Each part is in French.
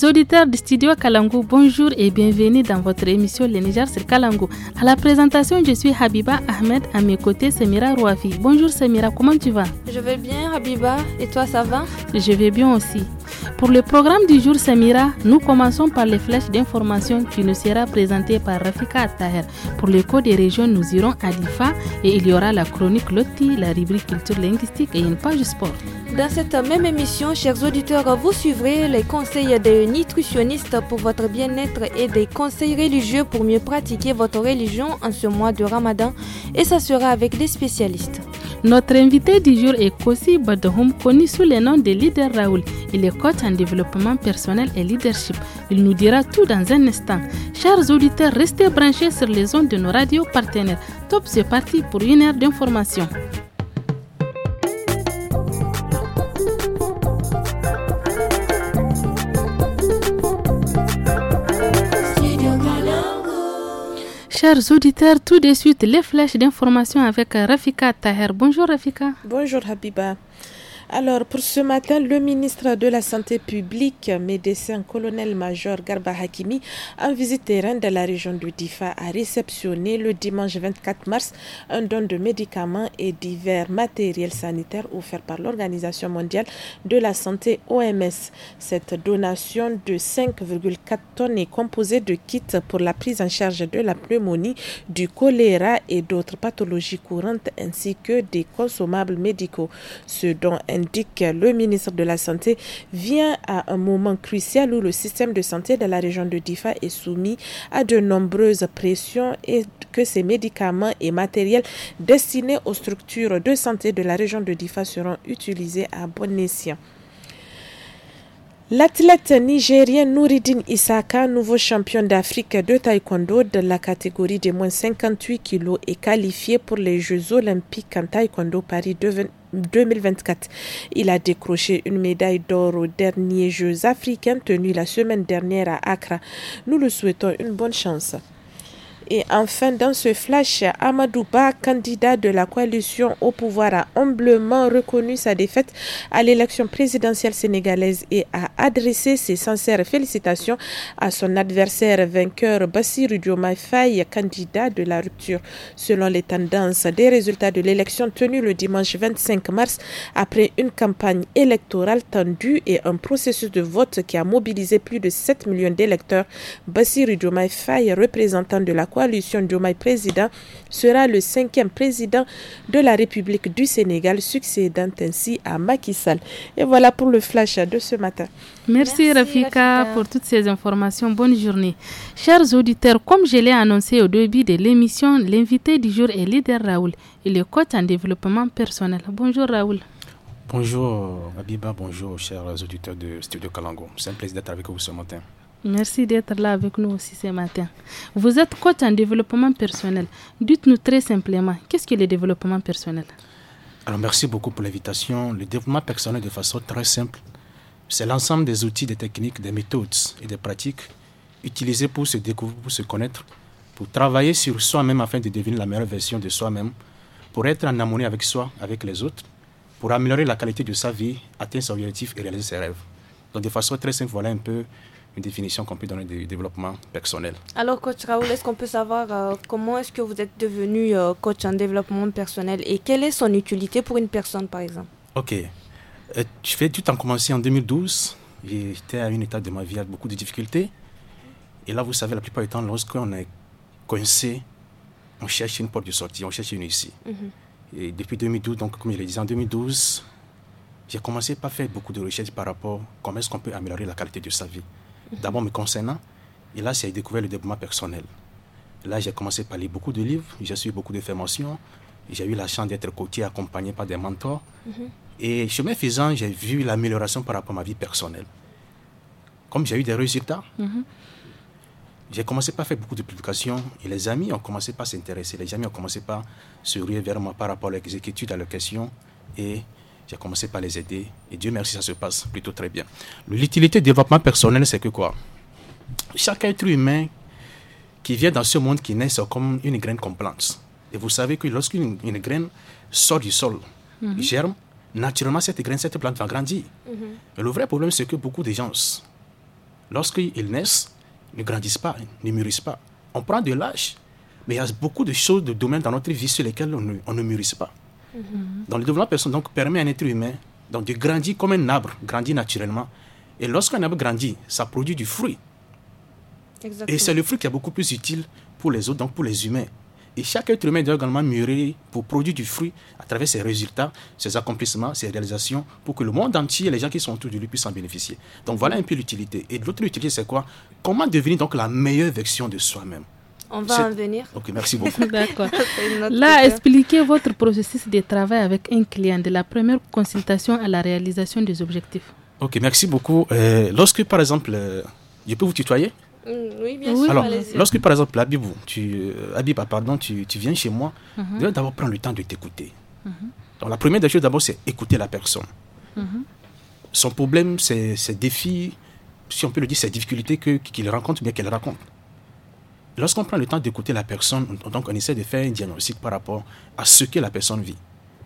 Les auditeurs du studio Kalangu, bonjour et bienvenue dans votre émission Les Niger sur Kalangu. À la présentation, je suis Habiba Ahmed, à mes côtés Semira Rouafi. Bonjour Semira, comment tu vas Je vais bien Habiba, et toi ça va Je vais bien aussi. Pour le programme du jour Samira, nous commençons par les flèches d'information qui nous sera présentée par Rafika Attaher. Pour cours des régions, nous irons à l'IFA et il y aura la chronique Loti, la rubrique culture linguistique et une page sport. Dans cette même émission, chers auditeurs, vous suivrez les conseils des nutritionnistes pour votre bien-être et des conseils religieux pour mieux pratiquer votre religion en ce mois de Ramadan et ça sera avec des spécialistes. Notre invité du jour est Kossi Badoum, connu sous le nom de leader Raoul. Il est coach en développement personnel et leadership. Il nous dira tout dans un instant. Chers auditeurs, restez branchés sur les ondes de nos radios partenaires. Top, c'est parti pour une heure d'information. Chers auditeurs, tout de suite les flèches d'information avec Rafika Taher. Bonjour Rafika. Bonjour Habiba. Alors, pour ce matin, le ministre de la Santé publique, médecin colonel-major Garba Hakimi, en visite terrain de la région de Difa, a réceptionné le dimanche 24 mars un don de médicaments et divers matériels sanitaires offerts par l'Organisation mondiale de la santé OMS. Cette donation de 5,4 tonnes est composée de kits pour la prise en charge de la pneumonie, du choléra et d'autres pathologies courantes ainsi que des consommables médicaux. Ce don est indique le ministre de la Santé, vient à un moment crucial où le système de santé de la région de Difa est soumis à de nombreuses pressions et que ces médicaments et matériels destinés aux structures de santé de la région de Difa seront utilisés à bon escient. L'athlète nigérien Nouridine Isaka, nouveau champion d'Afrique de taekwondo de la catégorie des moins 58 kg, est qualifié pour les Jeux olympiques en taekwondo Paris 2024. Il a décroché une médaille d'or aux derniers Jeux africains tenus la semaine dernière à Accra. Nous le souhaitons une bonne chance. Et enfin, dans ce flash, Amadou Ba, candidat de la coalition au pouvoir, a humblement reconnu sa défaite à l'élection présidentielle sénégalaise et a adressé ses sincères félicitations à son adversaire vainqueur Bassirou Diomaye Faye, candidat de la rupture. Selon les tendances des résultats de l'élection tenue le dimanche 25 mars, après une campagne électorale tendue et un processus de vote qui a mobilisé plus de 7 millions d'électeurs, Bassirou Diomaye Faye, représentant de la coalition coalition Maï président sera le cinquième président de la République du Sénégal, succédant ainsi à Macky Sall. Et voilà pour le flash de ce matin. Merci, Rafika, pour toutes ces informations. Bonne journée. Chers auditeurs, comme je l'ai annoncé au début de l'émission, l'invité du jour est leader Raoul. Il est coach en développement personnel. Bonjour Raoul. Bonjour Abiba, bonjour chers auditeurs de Studio Kalango. C'est un plaisir d'être avec vous ce matin. Merci d'être là avec nous aussi ce matin. Vous êtes coach en développement personnel. Dites-nous très simplement, qu'est-ce que le développement personnel Alors merci beaucoup pour l'invitation. Le développement personnel de façon très simple, c'est l'ensemble des outils, des techniques, des méthodes et des pratiques utilisées pour se découvrir, pour se connaître, pour travailler sur soi-même afin de devenir la meilleure version de soi-même, pour être en harmonie avec soi, avec les autres, pour améliorer la qualité de sa vie, atteindre son objectif et réaliser ses rêves. Donc de façon très simple, voilà un peu une définition qu'on peut donner du développement personnel. Alors, coach Raoul, est-ce qu'on peut savoir euh, comment est-ce que vous êtes devenu euh, coach en développement personnel et quelle est son utilité pour une personne, par exemple Ok. je euh, fais tout en commencé en 2012. J'étais à une étape de ma vie avec beaucoup de difficultés. Et là, vous savez, la plupart du temps, lorsqu'on est coincé, on cherche une porte de sortie, on cherche une ici. Mhm. Et depuis 2012, donc, comme je le disais, en 2012, j'ai commencé par faire beaucoup de recherches par rapport à comment est-ce qu'on peut améliorer la qualité de sa vie d'abord me concernant. Et là, j'ai découvert le développement personnel. là, j'ai commencé par lire beaucoup de livres, j'ai suivi beaucoup de formations, j'ai eu la chance d'être coaché, accompagné par des mentors. Mhm. Et chemin faisant, j'ai vu l'amélioration par rapport à ma vie personnelle. Comme j'ai eu des résultats, mhm. j'ai commencé par faire beaucoup de publications et les amis ont commencé par s'intéresser. Les amis ont commencé par se rire vers moi par rapport à l'exécution, à leurs questions. Et j'ai commencé par les aider et Dieu merci, ça se passe plutôt très bien. L'utilité du développement personnel, c'est que quoi Chaque être humain qui vient dans ce monde qui naît, c'est comme une graine qu'on plante. Et vous savez que lorsqu'une une graine sort du sol, mhm. germe, naturellement, cette graine, cette plante va grandir. Mhm. Mais le vrai problème, c'est que beaucoup de gens, lorsqu'ils naissent, ne grandissent pas, ne mûrissent pas. On prend de l'âge, mais il y a beaucoup de choses, de domaines dans notre vie sur lesquels on ne, on ne mûrisse pas. Donc le développement personnel donc, permet à un être humain donc, de grandir comme un arbre grandit naturellement. Et lorsqu'un arbre grandit, ça produit du fruit. Et c'est le fruit qui est beaucoup plus utile pour les autres, donc pour les humains. Et chaque être humain doit également mûrir pour produire du fruit à travers ses résultats, ses accomplissements, ses réalisations, pour que le monde entier et les gens qui sont autour de lui puissent en bénéficier. Donc voilà un peu l'utilité. Et l'autre utilité, c'est quoi Comment devenir donc la meilleure version de soi-même on va en venir. Ok, merci beaucoup. D'accord. Là, expliquez votre processus de travail avec un client de la première consultation à la réalisation des objectifs. Ok, merci beaucoup. Euh, lorsque, par exemple, euh, je peux vous tutoyer mm, oui, bien sûr. Alors, lorsque par exemple, euh, Habib, tu, ah, Habib, pardon, tu, tu, viens chez moi, mm d'abord prendre le temps de t'écouter. Mhm. la première des choses, d'abord, c'est écouter la personne. Mhm. Son problème, ses, défis, si on peut le dire, ses difficultés qu'il rencontre, bien qu'elle raconte. Lorsqu'on prend le temps d'écouter la personne, on, donc on essaie de faire un diagnostic par rapport à ce que la personne vit.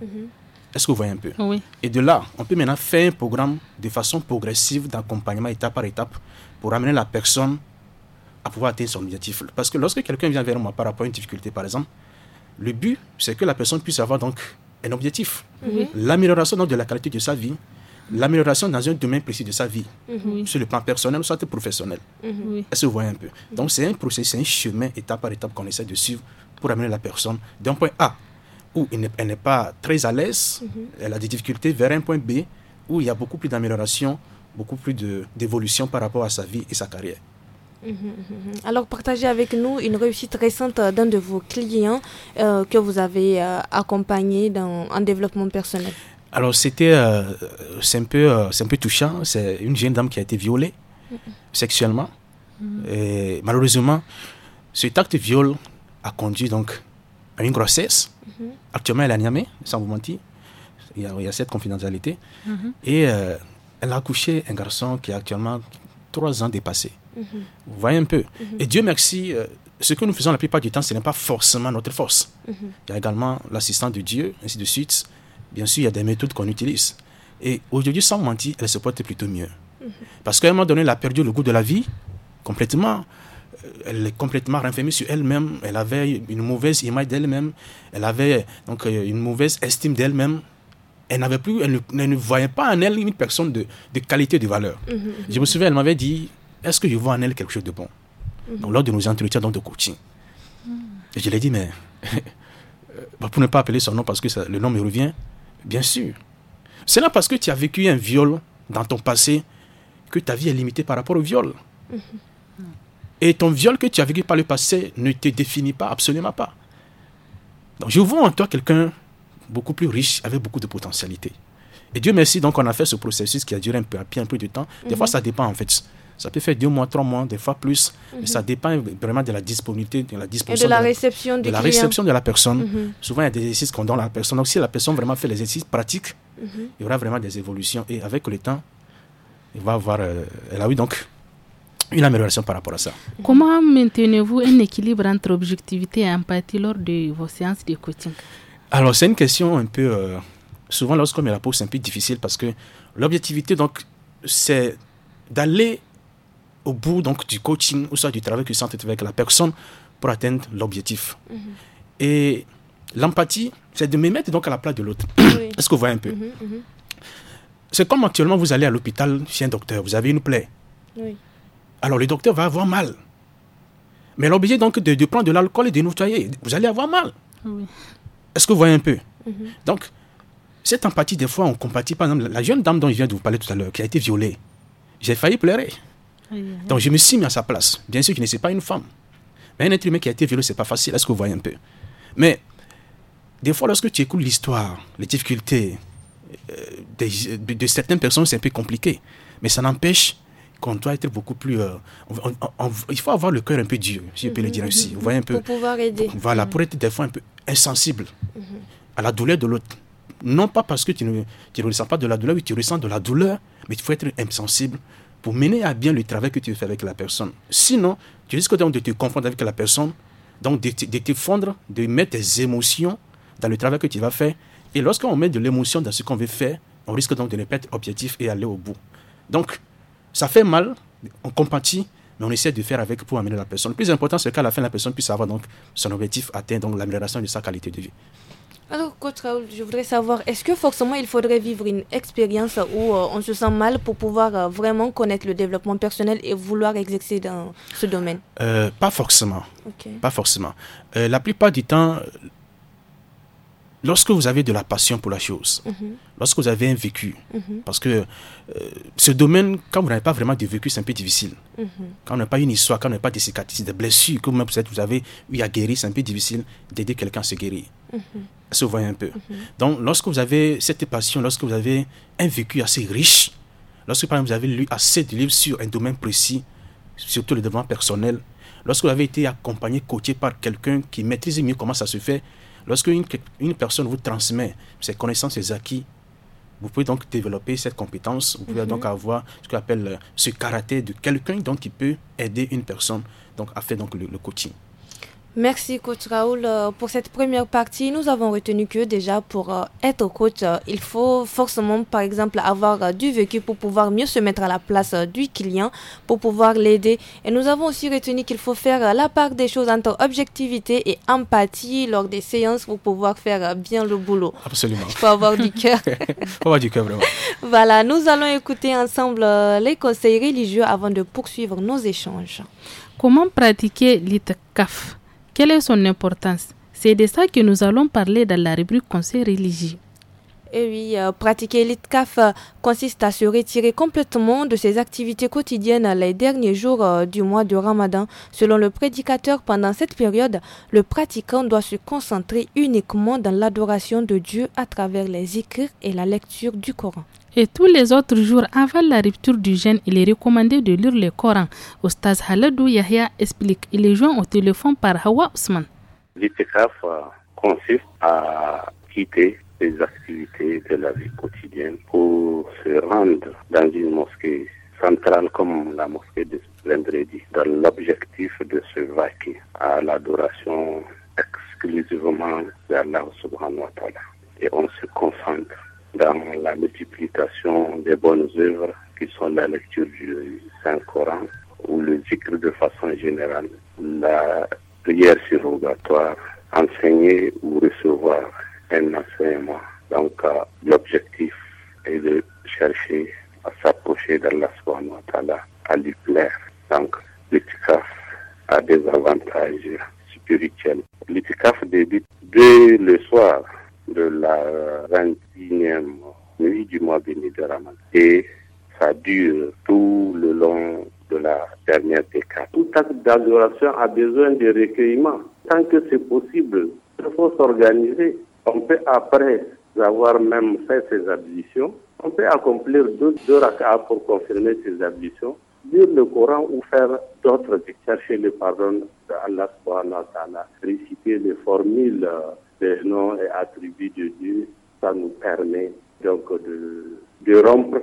Mhm. Est-ce que vous voyez un peu Oui. Et de là, on peut maintenant faire un programme de façon progressive d'accompagnement étape par étape pour amener la personne à pouvoir atteindre son objectif. Parce que lorsque quelqu'un vient vers moi par rapport à une difficulté, par exemple, le but, c'est que la personne puisse avoir donc un objectif. Mhm. L'amélioration de la qualité de sa vie, l'amélioration dans un domaine précis de sa vie, mhm. sur le plan personnel, soit professionnel. Elle se voit un peu. Donc c'est un processus, un chemin étape par étape qu'on essaie de suivre pour amener la personne d'un point A où elle n'est pas très à l'aise, mhm. elle a des difficultés, vers un point B où il y a beaucoup plus d'amélioration, beaucoup plus d'évolution par rapport à sa vie et sa carrière. Mhm, Alors, partagez avec nous une réussite récente d'un de vos clients euh, que vous avez euh, accompagné dans, en développement personnel. Alors c'était, euh, c'est un peu, euh, c'est un peu touchant. C'est une jeune dame qui a été violée sexuellement. Mm-hmm. Et malheureusement, cet acte de viol a conduit donc à une grossesse. Mm-hmm. Actuellement, elle est à Niamey, sans vous mentir. Il y a, cette confidentialité. Mm-hmm. Et euh, elle a accouché un garçon qui a actuellement trois ans dépassé. Vous voyez un peu. Et Dieu merci, ce que nous faisons la plupart du temps, ce n'est pas forcément notre force. Il y a également l'assistance de Dieu, ainsi de suite bien sûr, il y a des méthodes qu'on utilise. Et aujourd'hui, sans mentir, elle se porte plutôt mieux. Parce qu'à un moment donné, elle a perdu le goût de la vie complètement. Euh, elle est complètement renfermée sur elle-même. Elle avait une mauvaise image d'elle-même. Elle avait donc euh, une mauvaise estime d'elle-même. Elle n'avait plus, elle ne, voyait pas en elle une personne de, qualité, de valeur. Mhm, mhm. Je me souviens, elle m'avait dit Est-ce que je vois en elle quelque chose de bon mhm. Lors de nos entretiens donc, de coaching. Et je lui ai dit Mais euh, bah, pour ne pas appeler son nom parce que le nom me revient, Bien sûr. C'est là parce que tu as vécu un viol dans ton passé que ta vie est limitée par rapport au viol. Mm-hmm. Et ton viol que tu as vécu par le passé ne te définit pas, absolument pas. Donc je vois en toi quelqu'un beaucoup plus riche, avec beaucoup de potentialité. Et Dieu merci, donc on a fait ce processus qui a duré un peu, un peu de temps. Des fois, mm-hmm. ça dépend en fait ça peut faire deux mois, trois mois, des fois plus. Mhm. ça dépend vraiment de la disponibilité, de la disposition. de la, de la réception de, la réception de la personne. Mhm. Souvent, il y a des exercices qu'on donne à la personne. Donc, si la personne vraiment fait les exercices pratiques, mhm. il y aura vraiment des évolutions. Et avec le temps, il va avoir. elle a eu donc une amélioration par rapport à ça. Comment maintenez-vous un équilibre entre objectivité et empathie lors de vos séances de coaching Alors, c'est une question un peu. Euh, souvent, lorsqu'on met la pose, c'est un peu difficile parce que l'objectivité, donc, c'est d'aller au bout donc du coaching ou soit du travail que tu avec la personne pour atteindre l'objectif. Mhm. Et l'empathie, c'est de me mettre donc à la place de l'autre. Est-ce que vous voyez un peu mhm, mhm. C'est comme actuellement vous allez à l'hôpital chez un docteur, vous avez une plaie. Alors le docteur va avoir mal. Mais l'objet donc de, de, prendre de l'alcool et de nettoyer, vous allez avoir mal. Est-ce que vous voyez un peu Donc, cette empathie, des fois, on compatit. Par exemple, la jeune dame dont je viens de vous parler tout à l'heure, qui a été violée, j'ai failli pleurer. Donc je me suis mis à sa place. Bien sûr, qu'il ne pas une femme. Mais un être humain qui a été violé, c'est pas facile. Est-ce que vous voyez un peu Mais des fois, lorsque tu écoutes l'histoire, les difficultés euh, de, certaines personnes, c'est un peu compliqué. Mais ça n'empêche qu'on doit être beaucoup plus. Euh, il faut avoir le cœur un peu dur, si je peux le dire aussi. un peu. Pour pouvoir aider. Voilà, pour être des fois un peu insensible mm-hmm. à la douleur de l'autre. Non pas parce que tu ne, tu ressens pas de la douleur, mais tu ressens de la douleur, mais il faut être insensible pour mener à bien le travail que tu fais avec la personne. Sinon, tu risques donc de te confondre avec la personne, donc de, te fondre, de mettre tes émotions dans le travail que tu vas faire. Et lorsqu'on met de l'émotion dans ce qu'on veut faire, on risque donc de ne pas être objectif et aller au bout. Donc, ça fait mal, on compatit, mais on essaie de faire avec pour amener la personne. Le plus important, c'est qu'à la fin, la personne puisse avoir donc son objectif atteint, donc l'amélioration de sa qualité de vie. Alors, coach Raoul, je voudrais savoir, est-ce que forcément il faudrait vivre une expérience où euh, on se sent mal pour pouvoir euh, vraiment connaître le développement personnel et vouloir exercer dans ce domaine euh, Pas forcément. Pas forcément. la plupart du temps, lorsque vous avez de la passion pour la chose, mhm. lorsque vous avez un vécu, mhm. parce que euh, ce domaine, quand vous n'avez pas vraiment de vécu, c'est un peu difficile. Mhm. Quand on n'a pas une histoire, quand on n'a pas des cicatrices, des blessures que vous-même vous avez eu à guérir, c'est un peu difficile d'aider quelqu'un à se guérir. Se voit un peu. Donc, lorsque vous avez cette passion, lorsque vous avez un vécu assez riche, lorsque par exemple vous avez lu assez de livres sur un domaine précis, surtout le développement personnel, Lorsque vous avez été accompagné, coaché par quelqu'un qui maîtrise mieux comment ça se fait, lorsque une, personne vous transmet ses connaissances, ses acquis, vous pouvez donc développer cette compétence, vous pouvez donc mhm. avoir ce qu'on appelle euh, ce caractère de quelqu'un qui peut aider une personne donc à faire donc le coaching. Merci coach Raoul euh, pour cette première partie. Nous avons retenu que déjà pour euh, être coach, euh, il faut forcément par exemple avoir du vécu pour pouvoir mieux se mettre à la place du client, pour pouvoir l'aider. Et nous avons aussi retenu qu'il faut faire la part des choses entre objectivité et empathie lors des séances pour pouvoir faire bien le boulot. Absolument. Il faut avoir du cœur. il faut avoir du cœur vraiment. Voilà, nous allons écouter ensemble les conseils religieux avant de poursuivre nos échanges. Comment pratiquer l'itcaf? Quelle est son importance C'est de ça que nous allons parler dans la rubrique Conseil religieux. Et eh oui, euh, pratiquer l'itkaf euh, consiste à se retirer complètement de ses activités quotidiennes les derniers jours euh, du mois de Ramadan. Selon le prédicateur, pendant cette période, le pratiquant doit se concentrer uniquement dans l'adoration de Dieu à travers les écrits et la lecture du Coran. Et tous les autres jours avant la rupture du jeûne, il est recommandé de lire le Coran. Oustaz Haladou Yahya explique. Il est joint au téléphone par Hawa Ousmane. Euh, consiste à quitter les activités de la vie quotidienne pour se rendre dans une mosquée centrale comme la mosquée de vendredi, dans l'objectif de se vaquer à l'adoration exclusivement d'Allah subhanahu wa ta'ala. Et on se concentre dans la multiplication des bonnes œuvres qui sont la lecture du Saint-Coran ou le zikr de façon générale, la prière surrogatoire, enseigner ou recevoir un enseignement. Donc euh, l'objectif est de chercher à s'approcher d'Allah la à lui plaire. Donc l'itikaf a des avantages spirituels. L'itikaf débute dès le soir de la 21e nuit du mois béni de Ramadan. Et ça dure tout le long de la dernière décade. Tout acte d'adoration a besoin de recueillement. Tant que c'est possible, il faut s'organiser. On peut après avoir même fait ses ablutions, on peut accomplir deux, deux pour confirmer ses ablutions, lire le Coran ou faire d'autres, chercher le pardon d'Allah, réciter les formules euh, les nom et attribué de Dieu, ça nous permet donc de, rompre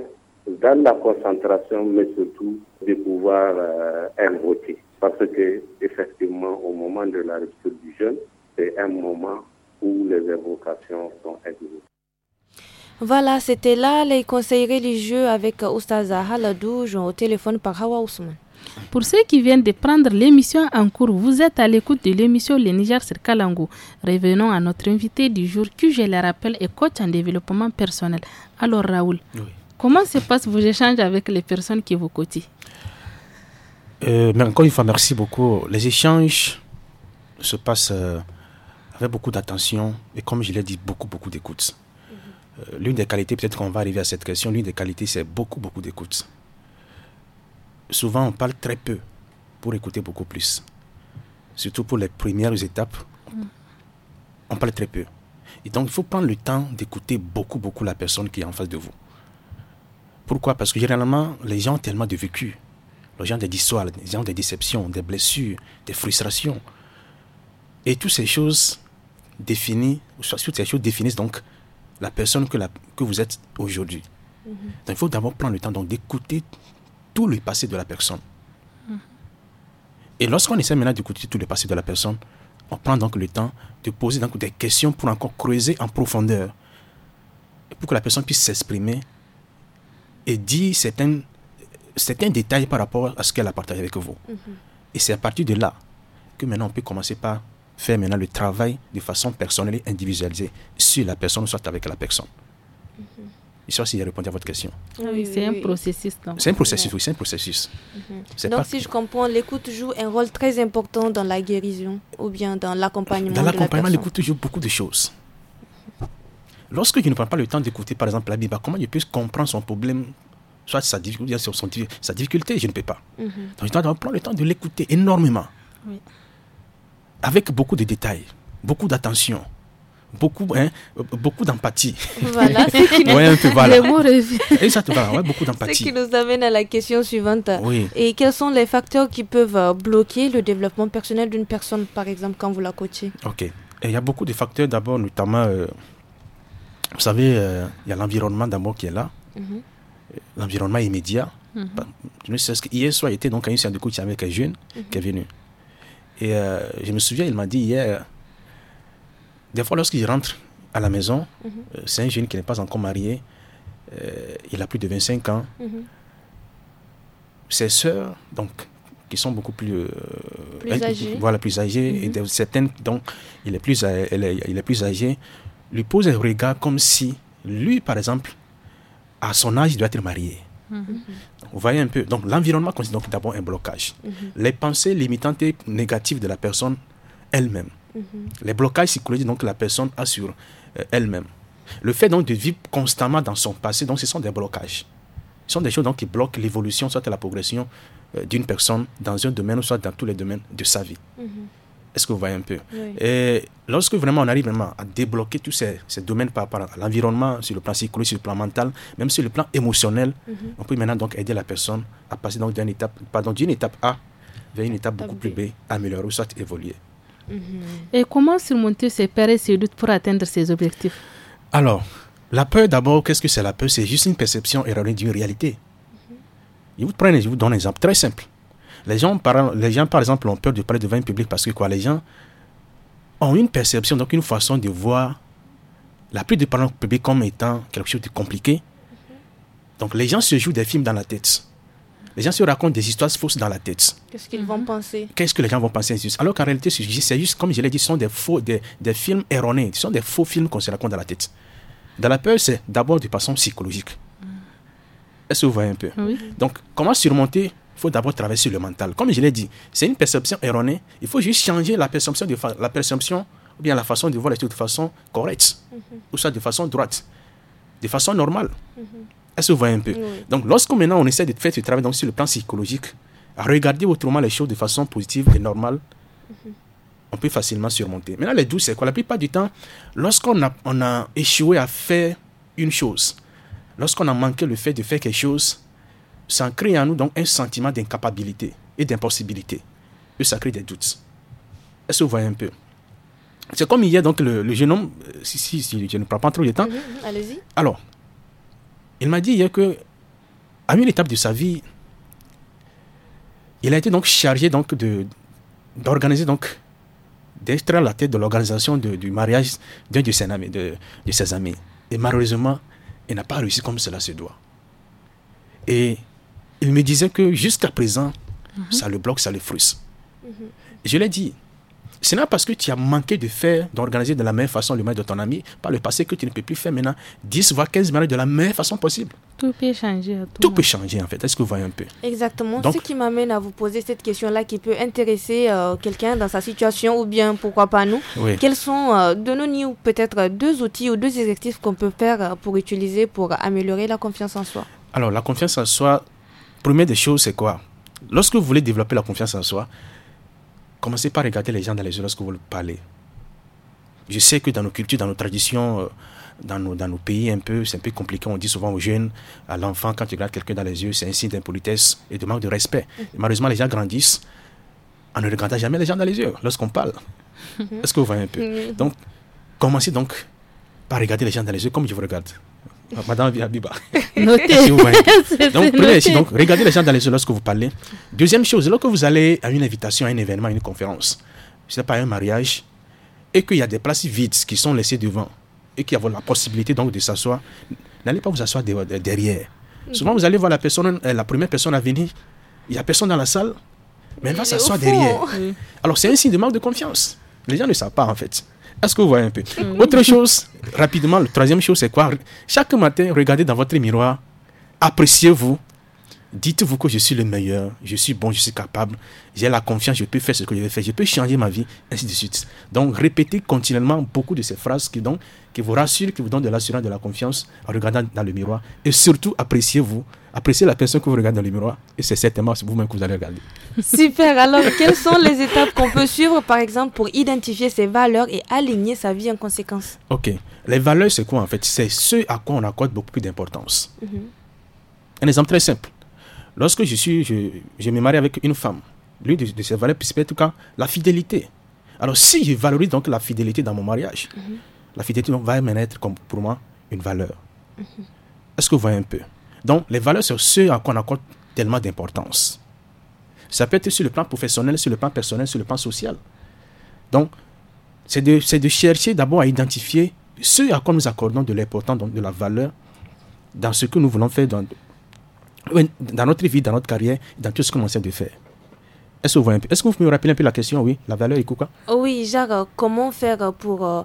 dans la concentration, mais surtout de pouvoir euh, invoquer. Parce que, effectivement, au moment de la rupture du jeûne, c'est un moment où les invocations sont invoquées. Voilà, c'était là les conseils religieux avec Oustaza Haladouj au téléphone par Hawa Ousmane. Pour ceux qui viennent de prendre l'émission en cours, vous êtes à l'écoute de l'émission Le Niger sur Revenons à notre invité du jour qui, je le rappelle, est coach en développement personnel. Alors Raoul, comment se passent vos échanges avec les personnes qui vous côtoient euh, encore une fois, merci beaucoup. Les échanges se passent euh, avec beaucoup d'attention et comme je l'ai dit, beaucoup, beaucoup d'écoute. Euh, l'une des qualités, peut-être qu'on va arriver à cette question, l'une des qualités, c'est beaucoup, beaucoup d'écoute souvent on parle très peu pour écouter beaucoup plus. Surtout pour les premières étapes, mm. on parle très peu. Et donc il faut prendre le temps d'écouter beaucoup, beaucoup la personne qui est en face de vous. Pourquoi Parce que généralement, les gens ont tellement de vécu. Les gens ont des histoires, gens des déceptions, des blessures, des frustrations. Et toutes ces choses définissent, toutes ces choses définissent donc la personne que, vous êtes aujourd'hui. Mm-hmm. Donc il faut d'abord prendre le temps d'écouter le passé de la personne. Et lorsqu'on essaie maintenant d'écouter tout le passé de la personne, on prend donc le temps de poser donc des questions pour encore creuser en profondeur, pour que la personne puisse s'exprimer et dire certains, certains détails par rapport à ce qu'elle a partagé avec vous. Mm-hmm. Et c'est à partir de là que maintenant on peut commencer par faire maintenant le travail de façon personnelle et individualisée sur la personne, soit avec la personne. Je ne sais pas si a répondu à votre question. Oui, c'est un processus. C'est un processus, oui, c'est un processus. Donc, si je comprends, l'écoute joue un rôle très important dans la guérison ou bien dans l'accompagnement. Dans l'accompagnement, l'écoute joue beaucoup de choses. Lorsque je ne prends pas le temps d'écouter, par exemple, la Bible, bah, comment je peux comprendre son problème soit sa difficulté, sa difficulté, je ne peux pas. Mhm. Donc, je dois prendre le temps de l'écouter énormément. Avec beaucoup de détails, beaucoup d'attention beaucoup, hein, beaucoup d'empathie. Voilà, qui nous... beaucoup d'empathie. Ce qui nous amène à la question suivante. Et quels sont les facteurs qui peuvent euh, bloquer le développement personnel d'une personne, par exemple, quand vous la coachez Ok. Il y a beaucoup de facteurs, d'abord, notamment, euh, vous savez, euh, il y a l'environnement d'abord qui est là, mhm. l'environnement immédiat. Mhm. hier soir, j'étais donc à une séance de coach avec un jeune mhm. qui est venu. Et je me souviens, il m'a dit hier, des fois, lorsqu'il rentre à la maison, euh, c'est un jeune qui n'est pas encore marié, euh, il a plus de 25 ans. Mhm. Ses sœurs, donc, qui sont beaucoup plus, euh, âgées, plus âgées, et mhm. certaines, donc, il est, plus, est, plus âgé, lui pose un regard comme si, lui, par exemple, à son âge, il doit être marié. Mhm. vous voyez un peu. Donc, l'environnement constitue donc d'abord un blocage. Les pensées limitantes et négatives de la personne elle-même Mhm. Les blocages psychologiques donc, que la personne a sur euh, elle-même. Le fait donc de vivre constamment dans son passé, donc ce sont des blocages. Ce sont des choses qui bloquent l'évolution, soit la progression euh, d'une personne dans un domaine, soit dans tous les domaines de sa vie. Mhm. Est-ce que vous voyez un peu Et lorsque vraiment on arrive vraiment à débloquer tous ces, domaines par rapport à l'environnement, sur le plan psychologique, sur le plan mental, même sur le plan émotionnel, mhm. on peut maintenant donc aider la personne à passer d'une étape, pardon, d'une étape A vers une étape beaucoup plus B, améliorer ou soit évoluer. Mhm. Et comment surmonter ces peurs et ces doutes pour atteindre ces objectifs Alors, la peur d'abord, qu'est-ce que c'est la peur C'est juste une perception erronée d'une réalité. Mhm. Je vous, donne un exemple très simple. Les gens, par, les gens, par exemple, ont peur de parler devant un public parce que quoi, les gens ont une perception, donc une façon de voir la prise de parole public comme étant quelque chose de compliqué. Mhm. Donc les gens se jouent des films dans la tête les gens se racontent des histoires fausses dans la tête. Qu'est-ce qu'ils vont penser Qu'est-ce que les gens vont penser Alors qu'en réalité, c'est juste, comme je l'ai dit, ce sont des, faux, des, des films erronés. Ce sont des faux films qu'on se raconte dans la tête. Dans la peur, c'est d'abord de façon psychologique. Mm. Est-ce que vous voyez un peu Donc, comment surmonter il faut d'abord traverser le mental. Comme je l'ai dit, c'est une perception erronée. Il faut juste changer la perception, de la perception ou bien la façon de voir les choses de façon correcte, mm-hmm. ou ça de façon droite, de façon normale. Mm-hmm elle se voit un peu. Donc, lorsque maintenant on essaie de faire ce travail donc, sur le plan psychologique, à regarder autrement les choses de façon positive et normale, mhm. on peut facilement surmonter. Maintenant, les doutes, c'est quoi La plupart du temps, lorsqu'on a, on a échoué à faire une chose, lorsqu'on a manqué le fait de faire quelque chose, ça crée en nous donc un sentiment d'incapabilité et d'impossibilité. Et ça crée des doutes. Elle se voit un peu. C'est comme hier, donc, le, le jeune homme, euh, si, si, si, je ne prends pas trop de temps. Mhm, allez-y. Alors, il m'a dit hier que, à une étape de sa vie, il a été donc chargé donc de d'organiser donc d'être à la tête de l'organisation du mariage d'un de ses amis, de, ses amis. Et malheureusement, il n'a pas réussi comme cela se doit. Et il me disait que jusqu'à présent, mhm. ça le bloque, ça le frustre. Mhm. Je l'ai dit, ce n'est pas parce que tu as manqué de faire, d'organiser de la même façon le mal de ton ami par le passé que tu ne peux plus faire maintenant 10 voire 15 mariages de la même façon possible. Tout peut changer. tout, peut changer en fait. Est-ce que vous voyez un peu Exactement. ce qui m'amène à vous poser cette question-là qui peut intéresser euh, quelqu'un dans sa situation ou bien pourquoi pas nous. Quels sont, euh, de nos nous peut-être deux outils ou deux exercices qu'on peut faire euh, pour utiliser pour améliorer la confiance en soi Alors la confiance en soi, première des choses, c'est quoi Lorsque vous voulez développer la confiance en soi, Commencez par regarder les gens dans les yeux lorsque vous parlez. Je sais que dans nos cultures, dans nos traditions, euh, dans nos, dans nos pays, un peu, c'est un peu compliqué. On dit souvent aux jeunes, à l'enfant, quand tu regardes quelqu'un dans les yeux, c'est un signe d'impolitesse et de manque de respect. Mhm. malheureusement, les gens grandissent en ne regardant jamais les gens dans les yeux lorsqu'on parle. Mhm. Est-ce que vous voyez un peu Donc, commencez donc par regarder les gens dans les yeux comme je vous regarde. Ah, madame Habiba. Notez. donc, donc, regardez les gens dans les yeux lorsque vous parlez. Deuxième chose, lorsque vous allez à une invitation, à un événement, à une conférence, c'est pas un mariage, et qu'il y a des places vides qui sont laissées devant, et qu'il y a la possibilité donc de s'asseoir, n'allez pas vous asseoir derrière. Mhm. Souvent, vous allez voir la, personne, euh, la première personne à venir, il n'y a personne dans la salle, mais elle va s'asseoir derrière. Alors, c'est un signe de manque de confiance. Les gens ne savent pas, en fait. Est-ce que vous voyez un peu Autre chose, rapidement, le troisième chose, c'est quoi Chaque matin, regardez dans votre miroir, appréciez-vous Dites-vous que je suis le meilleur, je suis bon, je suis capable, j'ai la confiance, je peux faire ce que je vais faire, je peux changer ma vie, ainsi de suite. Donc répétez continuellement beaucoup de ces phrases qui, donc, qui vous rassurent, qui vous donnent de l'assurance, de la confiance en regardant dans le miroir. Et surtout, appréciez-vous, appréciez la personne que vous regardez dans le miroir. Et c'est certainement vous-même que vous allez regarder. Super, alors quelles sont les étapes qu'on peut suivre, par exemple, pour identifier ses valeurs et aligner sa vie en conséquence Ok, les valeurs, c'est quoi en fait C'est ce à quoi on accorde beaucoup plus d'importance. Mhm. Un exemple très simple Lorsque je suis, je, me marie avec une femme, l'une de, ses valeurs principales, en tout cas, la fidélité. Alors, si je valorise donc la fidélité dans mon mariage, mhm. la fidélité va me être comme pour moi une valeur. Mhm. Est-ce que vous voyez un peu Donc, les valeurs, c'est ceux à quoi on accorde tellement d'importance. Ça peut être sur le plan professionnel, sur le plan personnel, sur le plan social. Donc, c'est de, chercher d'abord à identifier ceux à quoi nous accordons de l'importance, de la valeur dans ce que nous voulons faire dans, dans notre vie, dans notre carrière, dans tout ce qu'on essaie de faire. Est-ce que, vous pouvez me rappeler un peu la question, oui, la valeur et quoi Oui, Jacques, comment faire pour euh,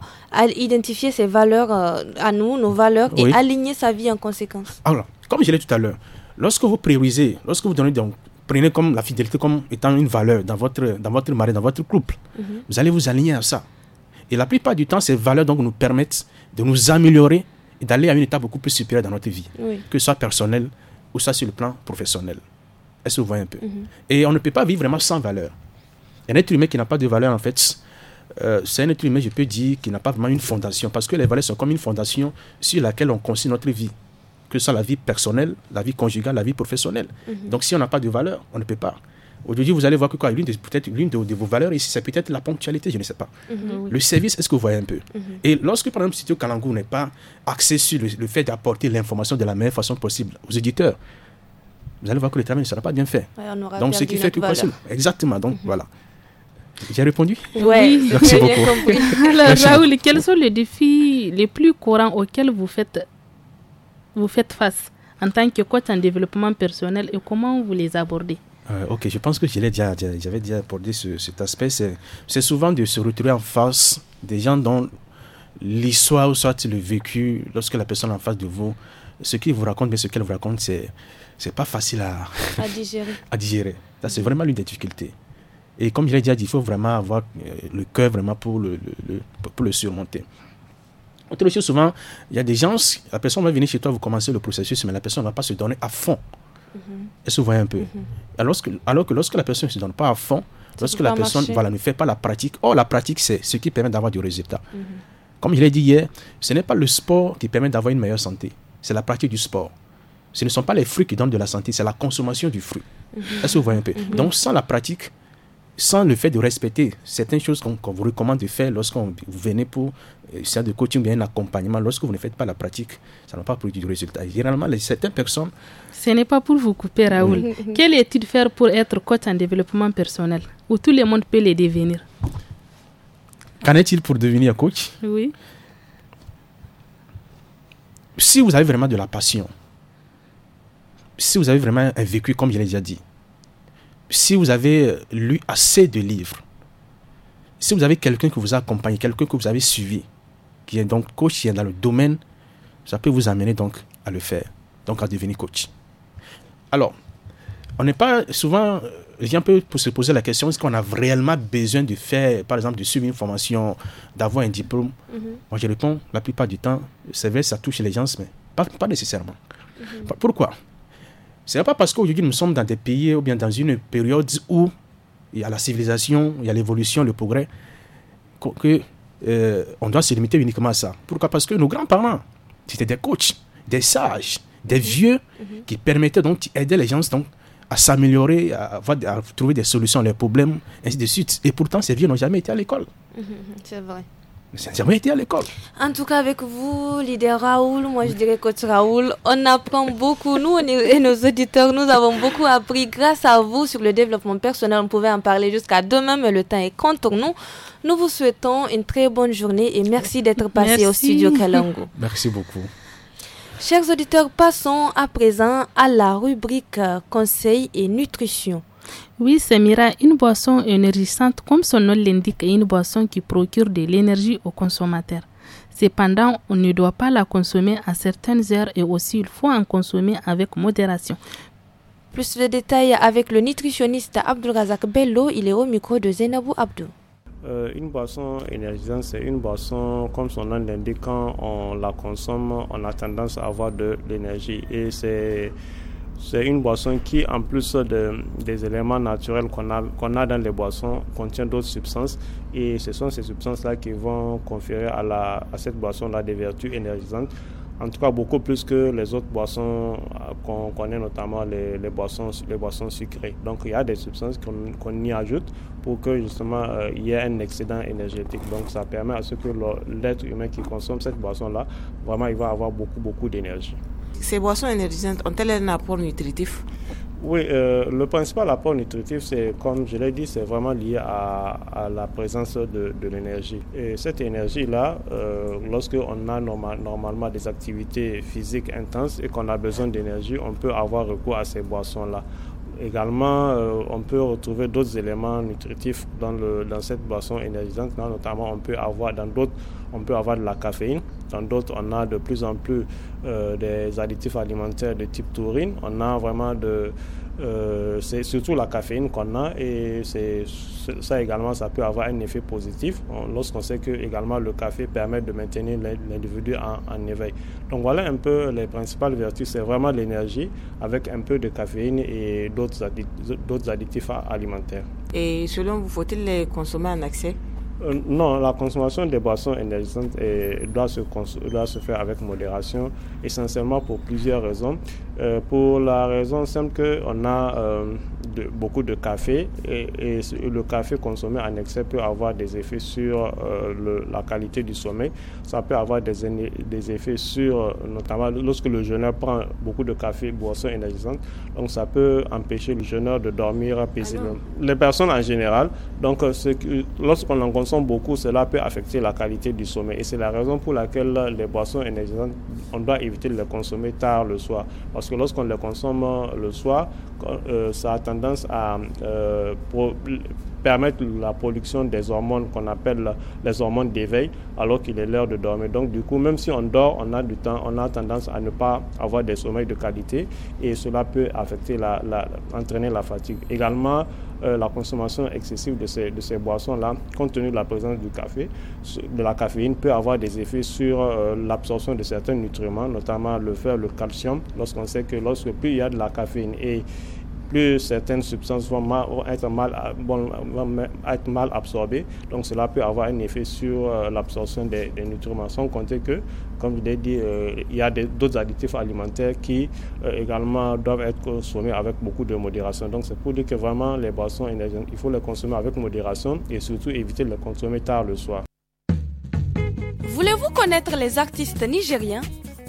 identifier Ces valeurs euh, à nous, nos valeurs, et aligner sa vie en conséquence Alors, comme je l'ai tout à l'heure, lorsque vous priorisez, lorsque vous donnez donc, prenez comme la fidélité comme étant une valeur dans votre, dans votre mari, dans votre couple, mhm. vous allez vous aligner à ça. Et la plupart du temps, ces valeurs donc, nous permettent de nous améliorer et d'aller à une étape beaucoup plus supérieure dans notre vie, que ce soit personnelle, ou ça, sur le plan professionnel. Est-ce que vous voyez un peu mhm. Et on ne peut pas vivre vraiment sans valeur. Un être humain qui n'a pas de valeur, en fait, euh, c'est un être humain, je peux dire, qui n'a pas vraiment une fondation, parce que les valeurs sont comme une fondation sur laquelle on construit notre vie, que ce soit la vie personnelle, la vie conjugale, la vie professionnelle. Mhm. Donc si on n'a pas de valeur, on ne peut pas. Aujourd'hui, vous allez voir que quoi L'une de, peut-être l'une de, vos valeurs ici, c'est peut-être la ponctualité, je ne sais pas. Mhm. Mhm. Le service, est-ce que vous voyez un peu mhm. Et lorsque, par exemple, Studio Kalangou n'est pas axé sur le, fait d'apporter l'information de la meilleure façon possible aux éditeurs, vous allez voir que le travail ne sera pas bien fait. Donc, ce qui fait que possible. Exactement. Donc, voilà. J'ai répondu Oui, merci beaucoup. Alors, Raoul, quels sont les défis les plus courants auxquels vous faites, vous faites face en tant que coach en développement personnel et comment vous les abordez euh, ok, je pense que j'avais déjà, abordé cet aspect. C'est souvent de se retrouver en face des gens dont l'histoire ou soit le vécu, lorsque la personne en face de vous, ce qu'il vous raconte, mais ce qu'elle vous raconte, c'est n'est pas facile à, digérer. à digérer. Ça, c'est mm. vraiment une des difficultés. Et comme je l'ai déjà dit, il faut vraiment avoir euh, le cœur vraiment pour le, pour le surmonter. Autre chose, souvent, il y a des gens, la personne va venir chez toi, vous commencez le processus, mais la personne ne va pas se donner à fond que vous voyez un peu. Mhm. alors, que, alors que lorsque la personne ne se donne pas à fond, lorsque la personne voilà, ne fait pas la pratique, or la pratique, c'est ce qui permet d'avoir du résultat. Mhm. Comme je l'ai dit hier, ce n'est pas le sport qui permet d'avoir une meilleure santé, c'est la pratique du sport. Ce ne sont pas les fruits qui donnent de la santé, c'est la consommation du fruit. Mhm. Elle vous voyez un peu. Donc, sans la pratique, sans le fait de respecter certaines choses qu'on vous recommande de faire lorsqu'on vous venez pour euh, faire de coaching bien un accompagnement, lorsque vous ne faites pas la pratique, ça n'a pas produit du résultat. Généralement, les, certaines personnes... Ce n'est pas pour vous couper, Raoul. est Quelle étude faire pour être coach en développement personnel, où tout le monde peut les devenir Qu'en est-il pour devenir coach Oui. Si vous avez vraiment de la passion, si vous avez vraiment un vécu, comme je l'ai déjà dit, si vous avez lu assez de livres, si vous avez quelqu'un qui vous accompagne, quelqu'un que vous avez suivi, qui est donc coach, qui est dans le domaine, ça peut vous amener donc à le faire, donc à devenir coach. Alors, on n'est pas souvent, euh, je se poser la question, est-ce qu'on a réellement besoin de faire, par exemple, de suivre une formation, d'avoir un diplôme mhm. Moi, je réponds, la plupart du temps, c'est vrai, ça touche les gens, mais pas, nécessairement. Mhm. Pourquoi ce n'est pas parce qu'aujourd'hui nous sommes dans des pays ou bien dans une période où il y a la civilisation, il y a l'évolution, le progrès, qu'on euh, doit se limiter uniquement à ça. Pourquoi Parce que nos grands-parents, c'était des coachs, des sages, des mhm. vieux mhm. qui permettaient donc d'aider les gens donc, à s'améliorer, à, trouver des solutions à leurs problèmes, ainsi de suite. Et pourtant, ces vieux n'ont jamais été à l'école. Mhm, c'est vrai. Mais sincèrement, était à l'école. En tout cas, avec vous, leader Raoul, moi je dirais coach Raoul, on apprend beaucoup. Nous et nos auditeurs, nous avons beaucoup appris grâce à vous sur le développement personnel. On pouvait en parler jusqu'à demain, mais le temps est contre nous. Nous vous souhaitons une très bonne journée et merci d'être passé au studio Kalango. Merci beaucoup. Chers auditeurs, passons à présent à la rubrique euh, conseils et nutrition. Oui, c'est mira une boisson énergisante, comme son nom l'indique, est une boisson qui procure de l'énergie au consommateur. Cependant, on ne doit pas la consommer à certaines heures et aussi il faut en consommer avec modération. Plus de détails avec le nutritionniste Gazak Bello, il est au micro de Zenabou Abdou. Euh, une boisson énergisante, c'est une boisson, comme son nom l'indique, quand on la consomme, on a tendance à avoir de l'énergie. Et c'est c'est une boisson qui, en plus des éléments naturels qu'on a, a dans les boissons, contient d'autres substances. Et ce sont ces substances-là qui vont conférer à, la, à cette boisson-là des vertus énergisantes. En tout cas, beaucoup plus que les autres boissons euh, qu'on connaît, notamment les, boissons, les boissons sucrées. Donc, il y a des substances qu'on y ajoute pour que justement euh, il y ait un excédent énergétique. Donc, ça permet à ce que l'être humain qui consomme cette boisson-là, vraiment, il va avoir beaucoup, beaucoup d'énergie. Ces boissons énergisantes ont-elles un apport nutritif oui, euh, le principal apport nutritif, c'est comme je l'ai dit, c'est vraiment lié à, la présence de, l'énergie. Et cette énergie-là, euh, lorsqu'on a normalement des activités physiques intenses et qu'on a besoin d'énergie, on peut avoir recours à ces boissons-là. Également, euh, on peut retrouver d'autres éléments nutritifs dans, le, dans cette boisson énergisante. Hein. Notamment, on peut avoir dans d'autres, on peut avoir de la caféine. Dans d'autres, on a de plus en plus euh, des additifs alimentaires de type taurine. On a vraiment de, euh, c'est surtout la caféine qu'on a et c'est, ça également ça peut avoir un effet positif hein, lorsqu'on sait que également le café permet de maintenir l'individu en, en, éveil. Donc voilà un peu les principales vertus, c'est vraiment l'énergie avec un peu de caféine et d'autres d'autres additifs alimentaires. Et selon vous, faut-il les consommer en accès euh, non, la consommation des boissons énergisantes doit se, doit se faire avec modération, essentiellement pour plusieurs raisons. Euh, pour la raison simple qu'on a euh, de, beaucoup de café et, le café consommé en excès peut avoir des effets sur euh, la qualité du sommeil. Ça peut avoir des, des effets sur, notamment lorsque le jeuneur prend beaucoup de café, boissons énergisantes, donc ça peut empêcher le jeuneur de dormir paisiblement. Ah les personnes en général, donc lorsqu'on en consomme beaucoup, cela peut affecter la qualité du sommeil et c'est la raison pour laquelle les boissons énergisantes, on doit éviter de les consommer tard le soir parce que lorsqu'on les consomme le soir, euh, ça a tendance à euh, permettre la production des hormones qu'on appelle les hormones d'éveil alors qu'il est l'heure de dormir. Donc du coup, même si on dort, on a du temps, on a tendance à ne pas avoir des sommeils de qualité et cela peut affecter la, entraîner la fatigue. Également, euh, la consommation excessive de ces, de ces boissons-là, compte tenu de la présence du café, de la caféine, peut avoir des effets sur euh, l'absorption de certains nutriments, notamment le fer, le calcium, lorsqu'on sait que lorsque plus il y a de la caféine et plus certaines substances vont, être, mal, être mal absorbées. Donc cela peut avoir un effet sur euh, l'absorption des, nutriments. Sans compter que, comme je l'ai dit, euh, il y a d'autres additifs alimentaires qui euh, également doivent être consommés avec beaucoup de modération. Donc c'est pour dire que vraiment les boissons énergétiques, il faut les consommer avec modération et surtout éviter de les consommer tard le soir. Voulez-vous connaître les artistes nigériens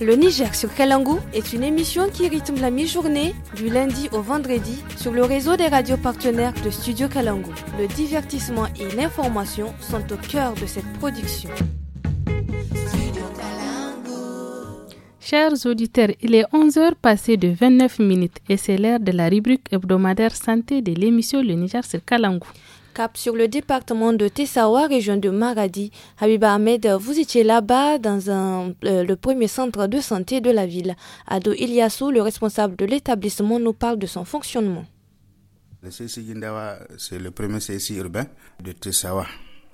Le Niger sur Kalangu est une émission qui rythme la mi-journée du lundi au vendredi sur le réseau des radios partenaires de Studio Kalangu. Le divertissement et l'information sont au cœur de cette production. Chers auditeurs, il est 11h passé de 29 minutes et c'est l'heure de la rubrique hebdomadaire santé de l'émission Le Niger sur Kalangu. Cap sur le département de Tessawa, région de Maradi. Habiba Ahmed, vous étiez là-bas dans euh, le premier centre de santé de la ville. Ado Iliassou, le responsable de l'établissement, nous parle de son fonctionnement. Le CSI Guindawa c'est le premier CSI urbain de Tessawa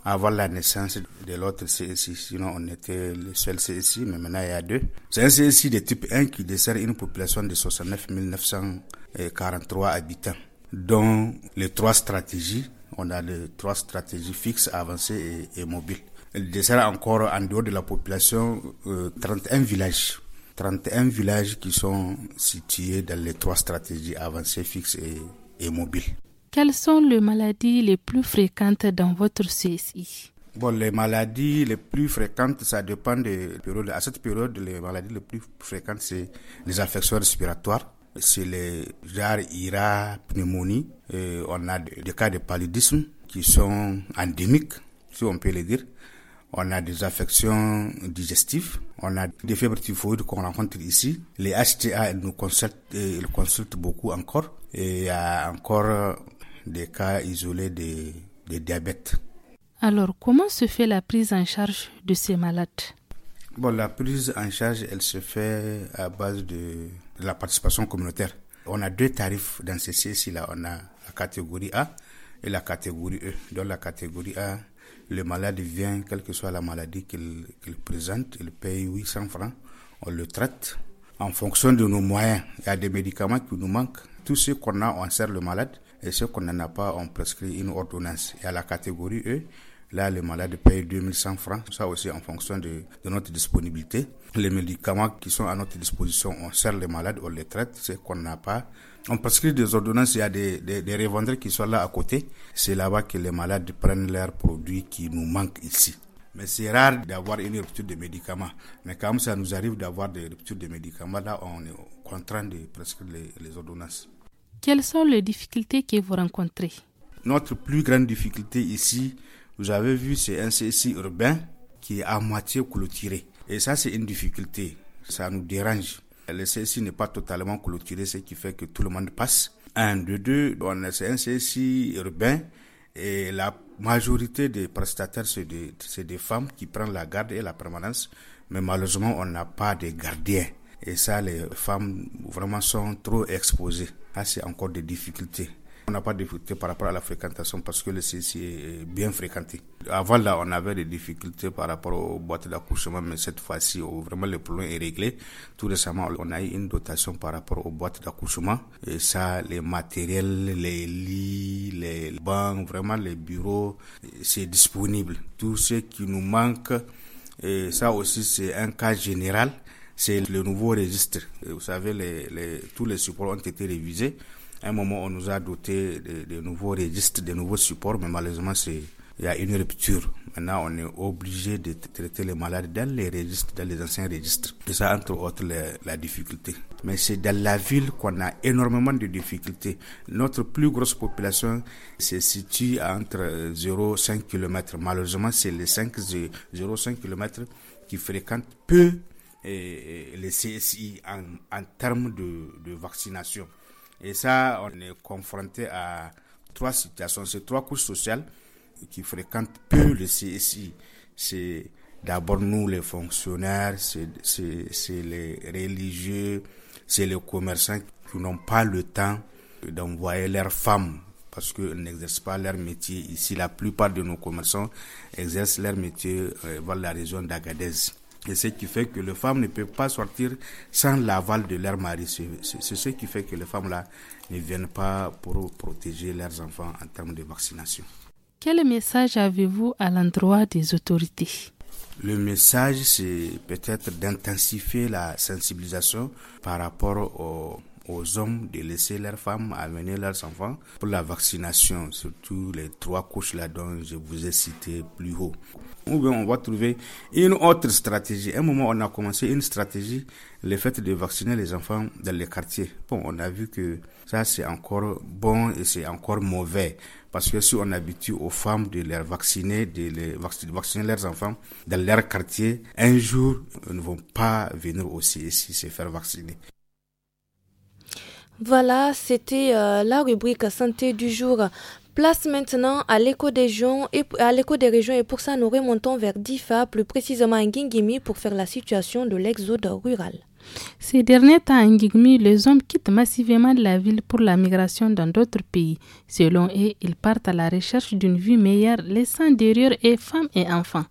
avant la naissance de l'autre CSI. Sinon, on était le seul CSI, mais maintenant il y a deux. C'est un CSI de type 1 qui dessert une population de 69 943 habitants, dont les trois stratégies on a les trois stratégies fixes, avancées et, mobiles. Il dessert encore en dehors de la population 31 euh, villages. 31 villages qui sont situés dans les trois stratégies avancées, fixes et, mobiles. Quelles sont les maladies les plus fréquentes dans votre CSI Bon, les maladies les plus fréquentes, ça dépend de périodes. À cette période, les maladies les plus fréquentes, c'est les infections respiratoires, c'est les rares IRA pneumonie. Euh, on a des cas de paludisme qui sont endémiques, si on peut le dire. On a des affections digestives, on a des fièvres typhoïdes qu'on rencontre ici. Les HTA nous euh, consultent, beaucoup encore. Et il y a encore des cas isolés de, de diabète. Alors, comment se fait la prise en charge de ces malades Bon, la prise en charge, elle se fait à base de de la participation communautaire. On a deux tarifs dans ces CSI-là. On a la catégorie A et la catégorie E. Dans la catégorie A, le malade vient, quelle que soit la maladie qu'il présente, il paye 800 francs, on le traite en fonction de nos moyens. Il y a des médicaments qui nous manquent. Tout ce qu'on a, on sert le malade et ce qu'on n'en a pas, on prescrit une ordonnance. Il y a la catégorie E, Là, le malade paye 2100 francs. Ça aussi en fonction de, notre disponibilité. Les médicaments qui sont à notre disposition, on sert les malades, on les traite. Ce qu'on n'a pas. On prescrit des ordonnances, il y a des, des, revendeurs qui sont là à côté. C'est là-bas que les malades prennent leurs produits qui nous manquent ici. Mais c'est rare d'avoir une rupture de médicaments. Mais quand ça nous arrive d'avoir des ruptures de médicaments, là, on est contraint de prescrire les ordonnances. Quelles sont les difficultés que vous rencontrez Notre plus grande difficulté ici, vous avez vu, c'est un CSI urbain qui est à moitié clôturé. Et ça, c'est une difficulté. Ça nous dérange. Le CSI n'est pas totalement clôturé, ce qui fait que tout le monde passe. Un, de deux, c'est un CSI urbain et la majorité des prestataires, c'est des, femmes qui prennent la garde et la permanence. Mais malheureusement, on n'a pas de gardiens. Et ça, les femmes vraiment sont trop exposées. Ça, c'est encore des difficultés. On n'a pas de difficultés par rapport à la fréquentation parce que le CC est bien fréquenté. Avant là, on avait des difficultés par rapport aux boîtes d'accouchement, mais cette fois-ci, oh, vraiment le problème est réglé. Tout récemment, on a eu une dotation par rapport aux boîtes d'accouchement. Et ça, les matériels, les lits, les bancs, vraiment les bureaux, c'est disponible. Tout ce qui nous manque, et ça aussi, c'est un cas général. C'est le nouveau registre. vous savez, tous les supports ont été révisés un moment, on nous a doté de, nouveaux registres, de nouveaux supports, mais malheureusement, il y a une rupture. Maintenant, on est obligé de traiter les malades dans les registres, dans les anciens registres. C'est ça, entre autres, la, difficulté. Mais c'est dans la ville qu'on a énormément de difficultés. Notre plus grosse population se situe entre 0 5 km. Malheureusement, c'est les 5, 0, km qui fréquentent peu eh, eh, les CSI en, termes de vaccination. Et ça, on est confronté à trois situations, ces trois couches sociales qui fréquentent peu le CSI. C'est d'abord nous les fonctionnaires, c'est les religieux, c'est les commerçants qui n'ont pas le temps d'envoyer leurs femmes parce qu'ils n'exercent pas leur métier. Ici, la plupart de nos commerçants exercent leur métier euh, dans la région d'Agadez. Et ce qui fait que les femmes ne peuvent pas sortir sans l'aval de leur mari. C'est ce qui fait que les femmes-là ne viennent pas pour protéger leurs enfants en termes de vaccination. Quel message avez-vous à l'endroit des autorités Le message, c'est peut-être d'intensifier la sensibilisation par rapport aux aux hommes de laisser leurs femmes amener leurs enfants pour la vaccination, surtout les trois couches là dont je vous ai cité plus haut. Ou bien on va trouver une autre stratégie. À un moment, on a commencé une stratégie, le fait de vacciner les enfants dans les quartiers. Bon, on a vu que ça c'est encore bon et c'est encore mauvais. Parce que si on habitue aux femmes de les vacciner, de les vacciner leurs enfants dans leur quartier, un jour, ils ne vont pas venir aussi ici se faire vacciner. Voilà, c'était euh, la rubrique santé du jour. Place maintenant à l'écho des et à régions et pour ça nous remontons vers Difa, plus précisément à pour faire la situation de l'exode rural. Ces derniers temps, à les hommes quittent massivement la ville pour la migration dans d'autres pays. Selon eux, ils partent à la recherche d'une vie meilleure, laissant derrière eux femmes et enfants.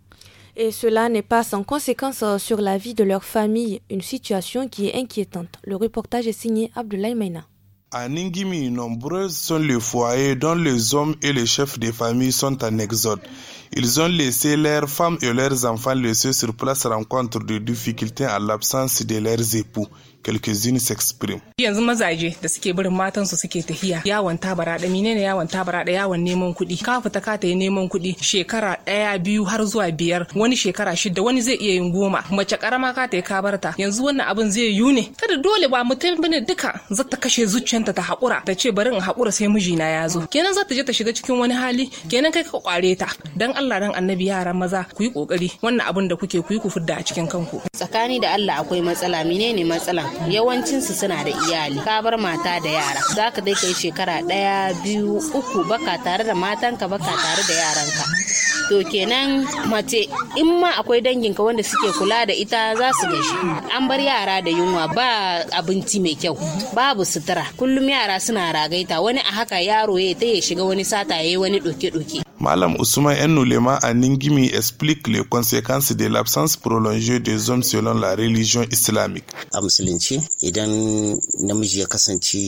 Et cela n'est pas sans conséquence euh, sur la vie de leur famille, une situation qui est inquiétante. Le reportage est signé Abdoulaye Maina. À Ningimi, nombreuses sont les foyers dont les hommes et les chefs de famille sont en exode. Ils ont laissé leurs femmes et leurs enfants laissés sur place rencontre de difficultés à l'absence de leurs époux. quelques sex Yanzu mazaje da suke barin matan su suke tahiya yawon tabara da menene yawon tabara da yawon neman kuɗi. Ka fita ka tayi neman kuɗi shekara ɗaya biyu har zuwa biyar wani shekara shida wani zai iya yin goma mace karama ka tayi ka barta yanzu wannan abin zai yiwu ne. Kada dole ba mutum bane duka za ta kashe zuciyanta ta hakura. ta ce bari in haƙura sai mijina ya zo. Kenan za ta je ta shiga cikin wani hali kenan kai ka kware ta. Dan Allah dan annabi yaran maza ku yi ƙoƙari wannan abin da kuke ku yi ku fidda a cikin kanku. Tsakani da Allah akwai matsala menene matsalan yawancinsu suna da iyali ka bar mata da yara za ka dai kai shekara ɗaya biyu uku baka tare da matanka baka tare da yaranka to kenan mace in ma akwai danginka wanda suke kula da ita za su gashi an bar yara da yunwa ba abinci mai kyau babu sutura kullum yara suna ragaita wani a haka yaro ya ta ya shiga wani sata ya yi wani doke-doke Malam Ousmane Enoulema a Ningimi explique les conséquences de l'absence prolongée des hommes selon la religion islamique. A musulunci idan namiji ya kasance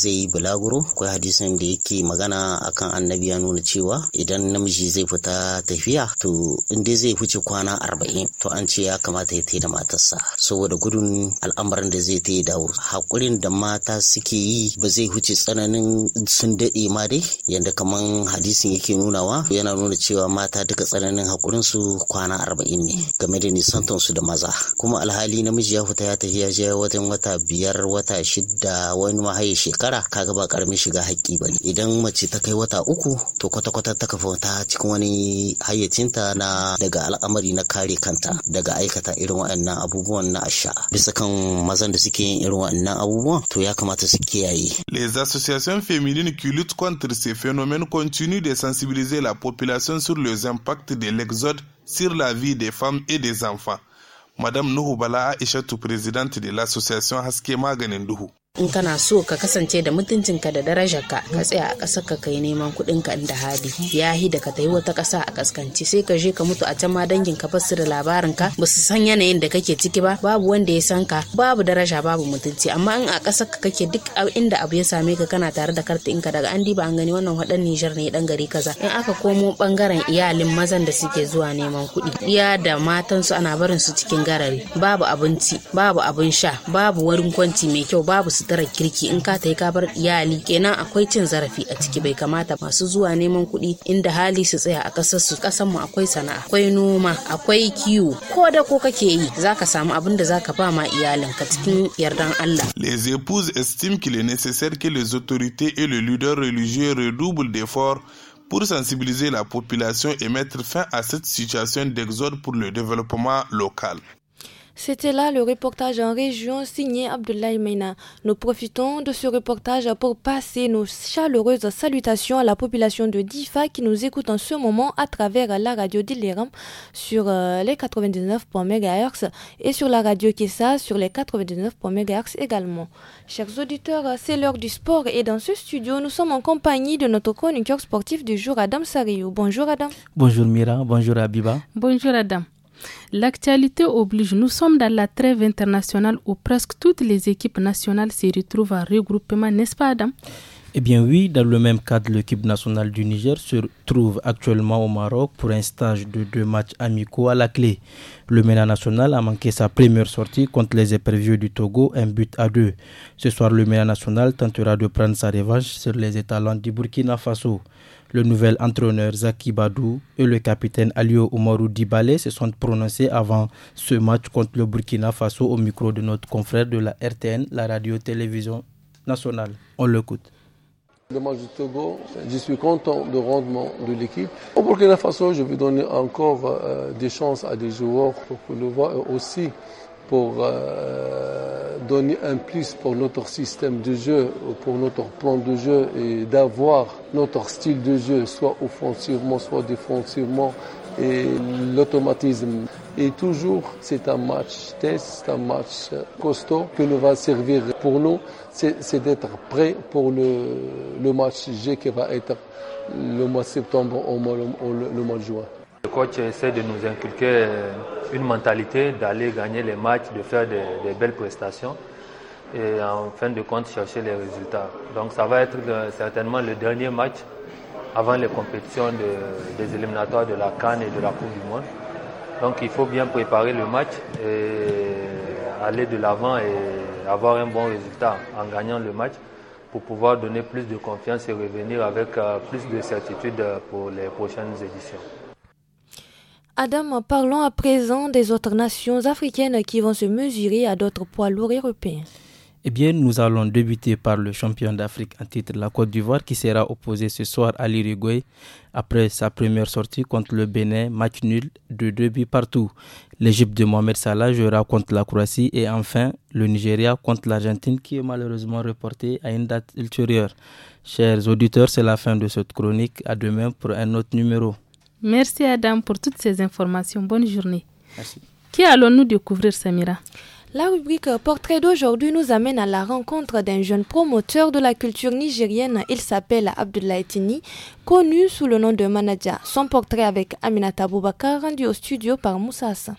zai yi bulaguro akwai hadisin da yake magana akan annabi ya nuna cewa idan namiji zai fita tafiya to in dai zai wuce kwana arba'in to an ce ya kamata ya da matarsa saboda gudun al'amarin da zai ta dawo hakurin da mata suke yi ba zai wuce tsananin sun daɗe ma dai Yanda kaman hadisin yake nuna gaggawa yana nuna cewa mata duka tsananin haƙurin su kwana arba'in ne game da nisantan su da maza kuma alhali namiji ya fita ya tafi ya je wajen wata biyar wata shida wani mahaye shekara kaga ba karamin shiga haƙƙi bane idan mace ta kai wata uku to kwata-kwata ta kafa ta cikin wani hayyacinta na daga al'amari na kare kanta daga aikata irin waannan abubuwan na asha bisa kan mazan da suke yin irin wannan abubuwan to ya kamata su kiyaye les associations féminines qui luttent contre ces phénomènes continuent de sensibiliser la population sur les impacts de l'exode sur la vie des femmes et des enfants. Madame Nuhu Bala présidente de l'association Haske Maganin in kana so ka kasance da mutuncinka da darajarka ka tsaya a ƙasar ka kai neman kuɗin ka inda hali hi da ka tafi wata ƙasa a kaskanci sai ka je ka mutu a can ma dangin ka basu da labarin ka ba su san yanayin da kake ciki ba babu wanda ya san ka babu daraja babu mutunci amma in a ƙasar ka kake duk inda abu ya same ka kana tare da in ka daga an diba an gani wannan wadan Nijar ne dan gari kaza in aka komo bangaren iyalin mazan da suke zuwa neman kuɗi iya da matan su ana barin su cikin garari babu abinci babu abun sha babu wurin kwanci mai kyau babu les épouses estiment qu'il est nécessaire que les autorités et le leader religieux redoublent d'efforts pour sensibiliser la population et mettre fin à cette situation d'exode pour le développement local. C'était là le reportage en région signé Abdoulaye Meina. Nous profitons de ce reportage pour passer nos chaleureuses salutations à la population de Difa qui nous écoute en ce moment à travers la radio d'Ileram sur euh, les 99.mHz et sur la radio Kessa sur les 99.mHz également. Chers auditeurs, c'est l'heure du sport et dans ce studio, nous sommes en compagnie de notre chroniqueur sportif du jour, Adam Sariou. Bonjour Adam. Bonjour Mira, bonjour Abiba. Bonjour Adam. L'actualité oblige, nous sommes dans la trêve internationale où presque toutes les équipes nationales se retrouvent en regroupement, n'est-ce pas Adam eh bien oui, dans le même cadre, l'équipe nationale du Niger se trouve actuellement au Maroc pour un stage de deux matchs amicaux à la clé. Le MENA national a manqué sa première sortie contre les éperviers du Togo, un but à deux. Ce soir, le MENA national tentera de prendre sa revanche sur les étalons du Burkina Faso. Le nouvel entraîneur Zaki Badou et le capitaine Alio Oumarou Dibale se sont prononcés avant ce match contre le Burkina Faso au micro de notre confrère de la RTN, la radio-télévision nationale. On l'écoute. Le match Togo, je suis content du rendement de l'équipe. Au Burkina Faso, je vais donner encore euh, des chances à des joueurs pour que le voient aussi pour euh, donner un plus pour notre système de jeu, pour notre plan de jeu et d'avoir notre style de jeu, soit offensivement, soit défensivement, et l'automatisme. Et toujours, c'est un match test, c'est un match costaud que nous va servir pour nous, c'est d'être prêt pour le, match G qui va être le mois de septembre ou le, le mois de juin coach essaie de nous inculquer euh, une mentalité d'aller gagner les matchs, de faire des, belles prestations et en fin de compte chercher les résultats. Donc ça va être euh, certainement le dernier match avant les compétitions des éliminatoires de la Cannes et de la Coupe du Monde. Donc il faut bien préparer le match et aller de l'avant et avoir un bon résultat en gagnant le match pour pouvoir donner plus de confiance et revenir avec euh, plus de certitude pour les prochaines éditions. Adam, parlons à présent des autres nations africaines qui vont se mesurer à d'autres poids lourds européens. Eh bien, nous allons débuter par le champion d'Afrique en titre, la Côte d'Ivoire, qui sera opposé ce soir à l'Uruguay après sa première sortie contre le Bénin, match nul de deux buts partout. L'Égypte de Mohamed Salah jouera contre la Croatie et enfin le Nigeria contre l'Argentine qui est malheureusement reporté à une date ultérieure. Chers auditeurs, c'est la fin de cette chronique. À demain pour un autre numéro. Merci Adam pour toutes ces informations. Bonne journée. Merci. Qui allons-nous découvrir, Samira la rubrique Portrait d'aujourd'hui nous amène à la rencontre d'un jeune promoteur de la culture nigérienne. Il s'appelle Abdoulaye Tini, connu sous le nom de Manaja. Son portrait avec Aminata Boubacar, rendu au studio par Moussa Hassan.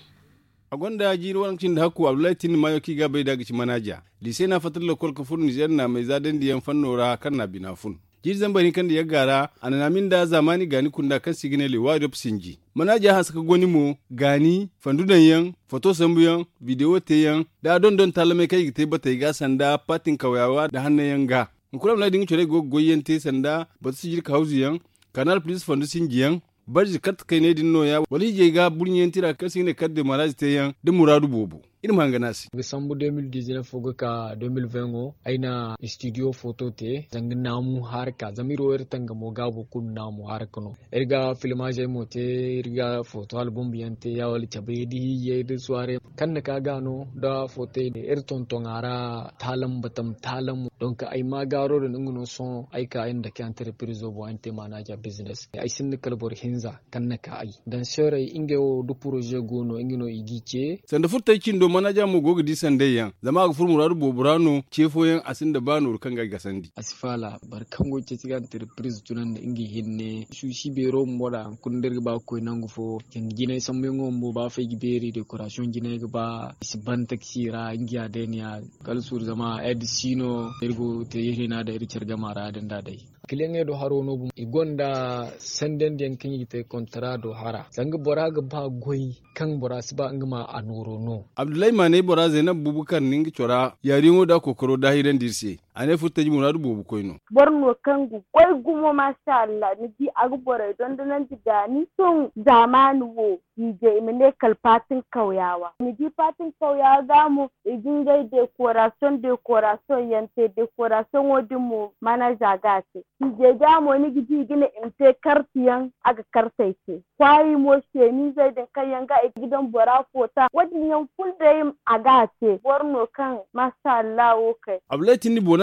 a gwanda jiri warancin da haku abdullahi tin mayo ki gabe daga ci manaja lise na fatar lokol kafur nijar mai zaden diyan fannora kan binafun jirzan bani kan da ya gara min da zamani gani kunda kan sigine le singi sinji manaja haska goni mo gani fandudan yan foto sambu yan video te yan da don don talame kai gite bata ga sanda patin kawayawa da hannun yan ga kula na dinga chore go goyen te sanda bata sigir kauzi yan kanal please fandu sinji yan barji kat kai ne din noya wali je ga burnyen tira kan sigine de maraji te yan da muradu bobo iri manga nasi desambu 2019 oga ka 2020 o aina studio photo te zangi namu harka zamiro er tanga mo gabo kun namu harka no irga filmage mo te irga photo album yante ya wal tabedi ye de soare kan ka gano da photo de er tonton ara talam batam talam donc ay ma garo da nguno son ay ka inda ke entreprise bo ante manager business ay sin kalbor hinza kan ka ay dan sore inge o du projet gono ingino igice sanda furta kin do manajan mu gogi disan dai yan zama ga furmura do boburano cefo yan asinda bano kan ga gasandi asfala barkan go ce tiga entreprise tunan da ingi hinne su shi be ro moda kun der ba ko nangu fo kan gine sambe bo ba fa giberi decoration gine ga ba siban taksira ingi adenia kalsu zama ed sino ergo te yihina da ircer gamara dan da dai kilenge do haro no bum igonda senden den kin te kontra do hara zanga bora ga ba goyi kan bora su ba a anoro no abdullahi mane bora zainab bubukar ningi chora yari da kokoro dahiren dirse a ne ane ji muna nadu bubu koyno borno kangu koy gumo masha Allah ni ji agbore don ji gani sun zamanu wo dije imene kalfatin kauyawa ni ji fatin kauyawa za mu igin gai decoration decoration yante decoration wodi mu mana jagate je ga mu ni gidi gine inte kartiyan aga kartaice kwayi mo ni zai da kayan ga gidan bora kota wadi yan full day agate borno kan masha Allah wo kai abulaiti ni bona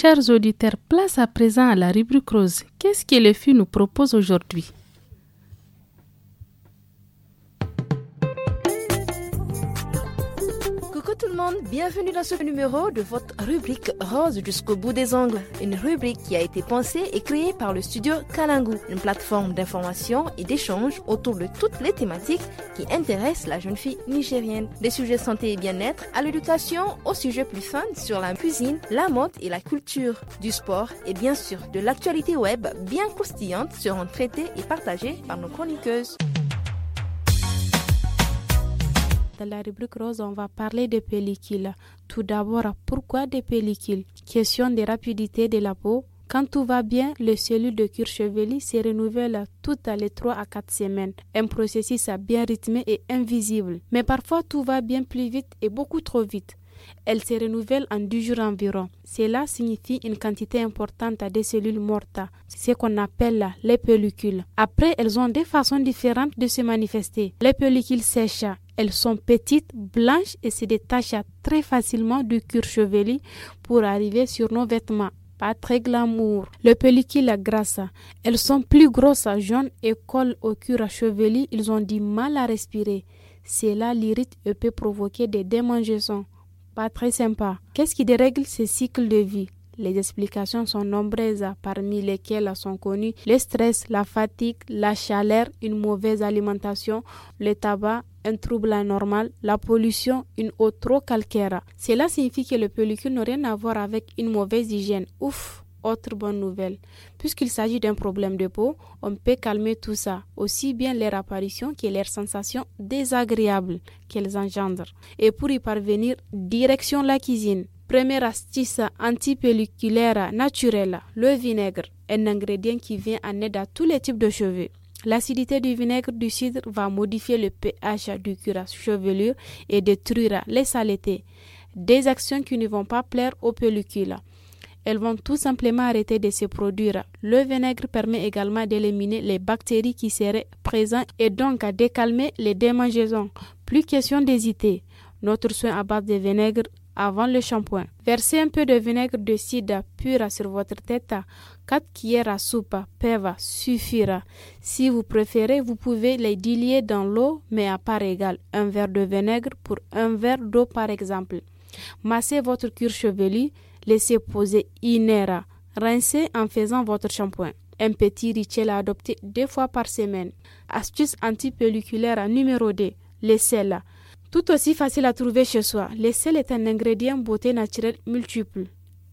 Chers auditeurs, place à présent à la rubrique rose. Qu'est-ce que le FU nous propose aujourd'hui tout le monde, bienvenue dans ce numéro de votre rubrique Rose jusqu'au bout des ongles, une rubrique qui a été pensée et créée par le studio Kalangu, une plateforme d'information et d'échange autour de toutes les thématiques qui intéressent la jeune fille nigérienne, des sujets santé et bien-être à l'éducation, aux sujets plus fun sur la cuisine, la mode et la culture, du sport et bien sûr de l'actualité web bien croustillante seront traités et partagées par nos chroniqueuses la rubrique rose, on va parler des pellicules. Tout d'abord, pourquoi des pellicules Question de rapidité de la peau. Quand tout va bien, le cellules de cuir se renouvellent toutes les trois à quatre semaines. Un processus bien rythmé et invisible. Mais parfois, tout va bien plus vite et beaucoup trop vite. Elle se renouvelle en deux jours environ. Cela signifie une quantité importante de cellules mortes, ce qu'on appelle les pellicules. Après, elles ont des façons différentes de se manifester. Les pellicules sèches, elles sont petites, blanches et se détachent très facilement du cuir chevelu pour arriver sur nos vêtements pas très glamour. Les pellicules grasses, elles sont plus grosses, jaunes et collent au cuir chevelu. Ils ont du mal à respirer. Cela l'irrite et peut provoquer des démangeaisons. Pas très sympa. Qu'est-ce qui dérègle ces cycles de vie les explications sont nombreuses, parmi lesquelles sont connues le stress, la fatigue, la chaleur, une mauvaise alimentation, le tabac, un trouble anormal, la pollution, une eau trop calcaire. Cela signifie que le pellicule n'a rien à voir avec une mauvaise hygiène. Ouf autre bonne nouvelle. Puisqu'il s'agit d'un problème de peau, on peut calmer tout ça, aussi bien leur apparition que leurs sensations désagréables qu'elles engendrent. Et pour y parvenir, direction la cuisine. Première astuce antipelliculaire naturelle, le vinaigre, un ingrédient qui vient en aide à tous les types de cheveux. L'acidité du vinaigre du cidre va modifier le pH du cuir chevelure et détruira les saletés, des actions qui ne vont pas plaire aux pellicules elles vont tout simplement arrêter de se produire. Le vinaigre permet également d'éliminer les bactéries qui seraient présentes et donc à décalmer les démangeaisons. Plus question d'hésiter. Notre soin à base de vinaigre avant le shampoing. Versez un peu de vinaigre de cidre pur sur votre tête. 4 cuillères à soupe peuvent suffira. Si vous préférez, vous pouvez les diluer dans l'eau, mais à part égale. Un verre de vinaigre pour un verre d'eau, par exemple. Massez votre cuir chevelu Laissez poser une Rincez en faisant votre shampoing. Un petit rituel à adopter deux fois par semaine. Astuce antipelliculaire numéro 2. sels. Tout aussi facile à trouver chez soi, sels est un ingrédient beauté naturelle multiple.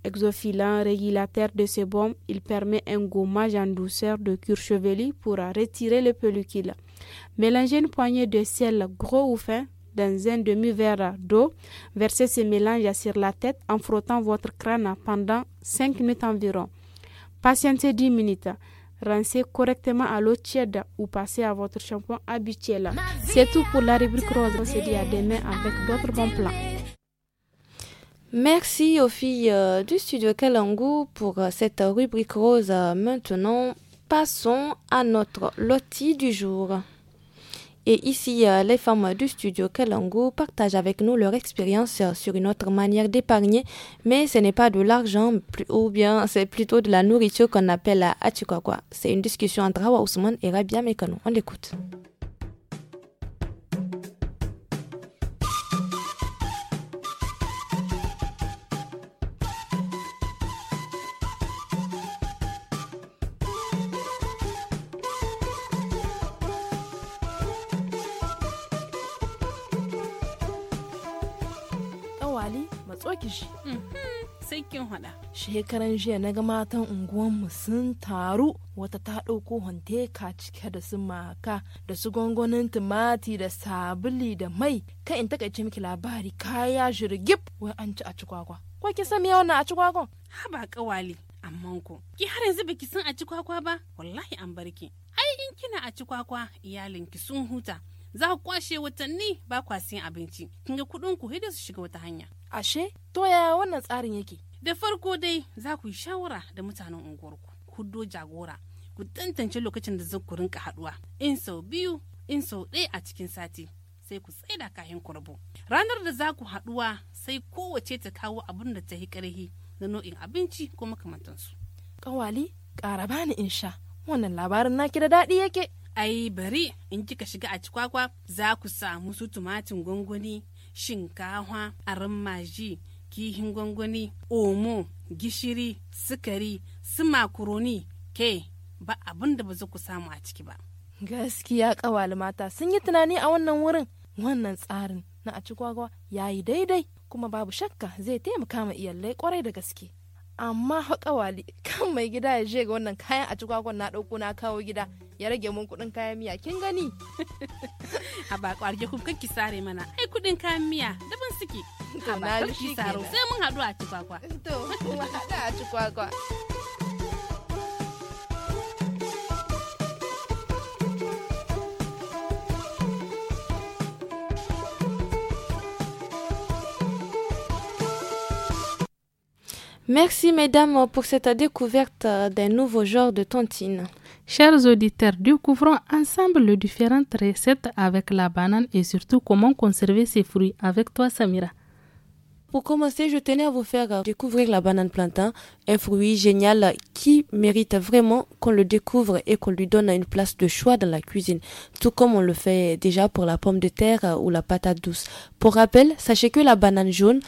Exophilant, régulateur de sébum, il permet un gommage en douceur de cure chevelu pour retirer le pellicule. Mélangez une poignée de sel gros ou fin dans un demi-verre d'eau. Versez ce mélange sur la tête en frottant votre crâne pendant 5 minutes environ. Patientez 10 minutes. Rincez correctement à l'eau tiède ou passez à votre shampoing habituel. C'est tout pour la rubrique rose. On se dit à demain avec d'autres bons plans. Merci aux filles euh, du studio Kalangu pour euh, cette rubrique rose. Euh, maintenant, passons à notre loti du jour. Et ici, euh, les femmes du studio Kelangu partagent avec nous leur expérience euh, sur une autre manière d'épargner, mais ce n'est pas de l'argent, ou bien c'est plutôt de la nourriture qu'on appelle à euh, C'est une discussion entre Hawa Ousmane et Rabia Mekano. On l'écoute. shekaran jiya na ga matan mu sun taru wata ta ɗauko hanteka cike da su maka da su gwangwanin tumati da sabuli da mai kai in takaice miki labari kaya jirgib wai an ci a ci kwakwa ko ki san me wannan a ci kwakwa ha ba kawali amma ko ki har yanzu baki san a ci kwakwa ba wallahi an barki ai in kina a ci kwakwa iyalinki sun huta za ku kwashe watanni ba kwa siyan abinci kinga kuɗin ku hidda su shiga wata hanya ashe to yaya wannan tsarin yake da farko dai za ku yi shawara da mutanen unguwarku ku jagora ku tantance lokacin da zan ku rinka haduwa in sau biyu in sau ɗaya a cikin sati sai ku tsaida kayan ku ranar da za ku haduwa sai kowace ta kawo abin da ta yi karhi na nau'in abinci ko makamantansu kawali ƙara bani in sha wannan labarin naki da daɗi yake ai bari in kika shiga a cikwakwa za ku samu su tumatin gwangwani shinkawa aran maji kihin gwangwani omo gishiri sukari su makaroni ke ba abin da ba za ku samu a ciki ba gaskiya kawali mata sun yi tunani a wannan wurin wannan tsarin na a ci ya yi daidai kuma babu shakka zai taimaka ma iyalai kwarai da gaske amma haƙawali kan mai gida ya je ga wannan kayan a ci na ɗauko na kawo gida ya rage mun kuɗin kayan miya kin gani a ba kwarge kuma kanki sare mana ai kuɗin kayan miya daban suke Merci mesdames pour cette découverte euh, d'un nouveau genre de tontine. Chers auditeurs, découvrons ensemble les différentes recettes avec la banane et surtout comment conserver ses fruits avec toi Samira. Pour commencer, je tenais à vous faire euh, découvrir la banane plantain, un fruit génial euh, qui mérite vraiment qu'on le découvre et qu'on lui donne une place de choix dans la cuisine, tout comme on le fait déjà pour la pomme de terre euh, ou la patate douce. Pour rappel, sachez que la banane jaune,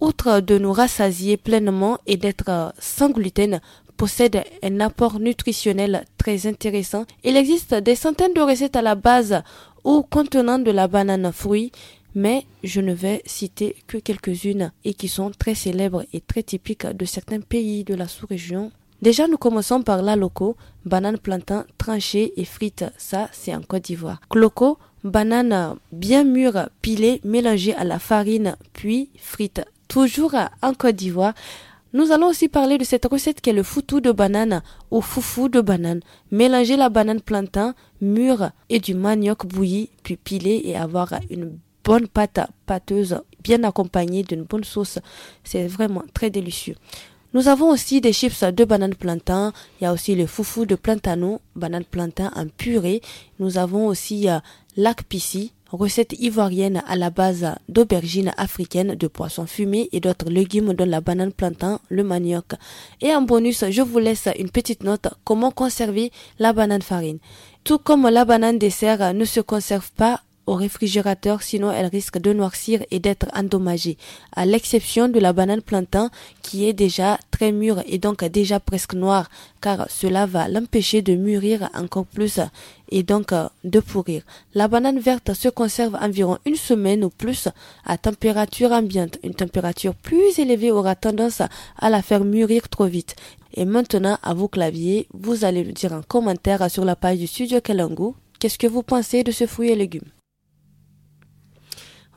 outre de nous rassasier pleinement et d'être sans gluten, possède un apport nutritionnel très intéressant. Il existe des centaines de recettes à la base ou contenant de la banane fruit mais je ne vais citer que quelques-unes et qui sont très célèbres et très typiques de certains pays de la sous-région. Déjà, nous commençons par la loco, banane plantain tranchée et frites, ça c'est en Côte d'Ivoire. Cloco, banane bien mûre, pilée, mélangée à la farine, puis frite, toujours en Côte d'Ivoire. Nous allons aussi parler de cette recette qui est le foutou de banane ou foufou de banane. Mélanger la banane plantain mûre et du manioc bouilli, puis pilée et avoir une bonne pâte pâteuse bien accompagnée d'une bonne sauce. C'est vraiment très délicieux. Nous avons aussi des chips de banane plantain. Il y a aussi le foufou de plantain. banane plantain en purée. Nous avons aussi l'ac euh, l'akpissi, recette ivoirienne à la base d'aubergines africaines, de poissons fumés et d'autres légumes dont la banane plantain, le manioc. Et en bonus, je vous laisse une petite note comment conserver la banane farine. Tout comme la banane dessert ne se conserve pas au réfrigérateur, sinon elle risque de noircir et d'être endommagée, à l'exception de la banane plantain qui est déjà très mûre et donc déjà presque noire, car cela va l'empêcher de mûrir encore plus et donc euh, de pourrir. La banane verte se conserve environ une semaine ou plus à température ambiante. Une température plus élevée aura tendance à la faire mûrir trop vite. Et maintenant, à vos claviers, vous allez me dire en commentaire sur la page du studio Kalango qu'est-ce que vous pensez de ce fruit et légumes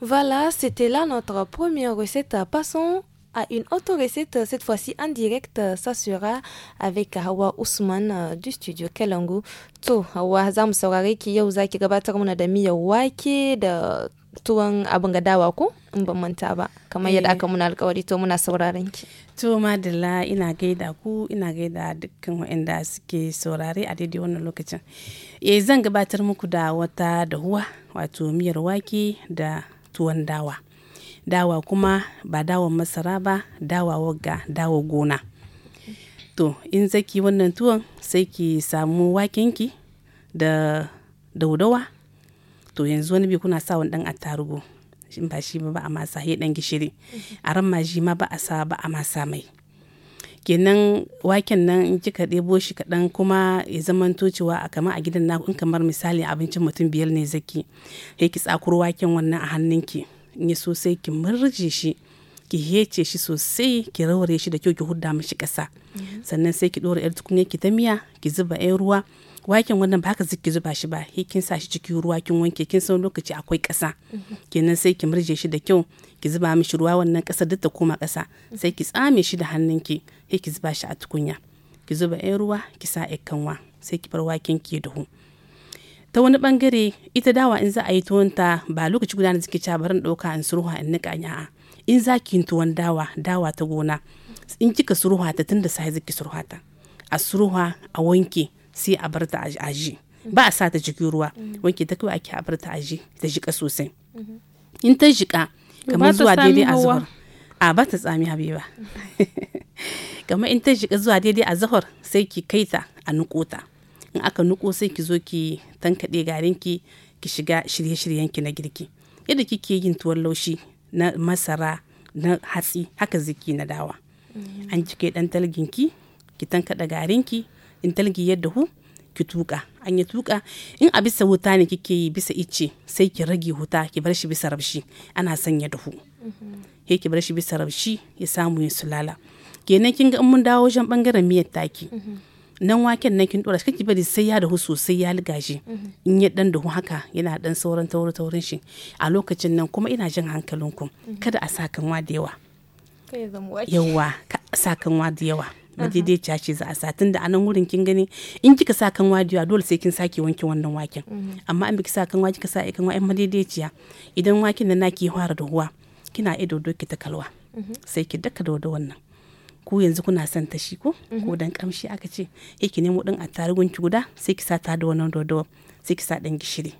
voilà, c'était là notre première recette. Passons à une autre recette, cette fois-ci en direct. Ça sera avec Hawa Ousmane euh, du studio Kelango. To, Hawa, zamu mu saurare ki yau za ki gabatar mana euh, da miyar wake da tuwon dawa ko in manta ba kamar eh. muna alkawari to muna sauraren ki to madalla ina ku ina gaida dukkan waɗanda suke saurare a daidai wannan eh, zan gabatar da tuwon dawa dawa kuma ba dawan masara ba dawa wagga dawa gona to in zaki wannan tuwon sai ki samu wakenki da daudawa to yanzu wani bi kuna sa wani dan attarugu ba shi ba a masa dan gishiri a ran ma ma ba a sa ba a masa mai kenan waken nan in kika ɗebo shi kaɗan kuma ya zaman cewa a kama a gidan naku in kamar misali abincin mutum biyar ne zaki sai ki tsakuro waken wannan a hannunki in ya so sai ki murje shi ki hece shi sosai ki raware shi da kyau ki hudda mishi ƙasa mm-hmm. sannan sai ki ɗora yar tukunya ki ta miya ki zuba yan ruwa waken wannan ba ka ziki zuba shi ba he kin sa shi cikin ruwa kin wanke kin san lokaci akwai kasa mhm. kenan sai ki murje shi da kyau ki zuba mishi ruwa wannan kasa duk ta koma kasa sai ki tsame shi da hannunki he ki zuba shi a tukunya ki zuba ɗan ruwa ki sa ɗan kanwa sai ki bar waken ki duhu. ta wani bangare ita dawa in za a yi tuwon ta ba lokaci guda na ziki barin ɗauka in surwa in niƙa a'a in za ki yi tuwon dawa dawa ta gona in kika surwa ta tun da sai ziki surwa ta a surwa a wanke sai a bar ta aji ba a sa ta cikin ruwa wanke ta kawai ake a bar ta aji ta jika sosai in ta jika kamar zuwa daidai a zuwa a ba ta tsami ba kamar in ta jika zuwa daidai a zahar sai ki kai ta a nuko ta in aka nuko sai ki zo ki tankaɗe garin ki ki shiga shirye-shiryen ki na girki yadda kike yin tuwon laushi na masara na hatsi haka ziki na dawa an jike ɗan dan talgin ki ki tankaɗa garin ki in talgi yadda hu ki tuka an yi tuka in a bisa wuta ne kike yi bisa ice sai ki rage wuta ki bar shi bisa rabshi ana sanya dahu mm-hmm. he ki bar shi bisa rabshi ya samu ya sulala kenan kin ga in mun dawo wajen bangaren miyar taki mm-hmm. nan waken nan kin dora shi bari sai ya dahu sosai ya ligaje mm-hmm. in ya dan dahu haka yana dan sauran tauri taurin shi a lokacin nan kuma ina jin hankalinku kada a wa da yawa yawa wa da yawa madaidaiciya ce za a sa tun da anan wurin kin gani in kika sa kan wadiya dole sai kin sake wanke wannan waken mhm. amma an biki sa kan waji ka sa ikan wa'in madaidaiciya idan waken nan naki fara da ruwa kina ido ki ta kalwa mhm. sai ki daka da wannan ku yanzu kuna son ta shi ko mhm. ko dan kamshi aka ce eh ki nemo din attarugun ki guda sai ki sa ta da wannan dodo sai ki sa dan gishiri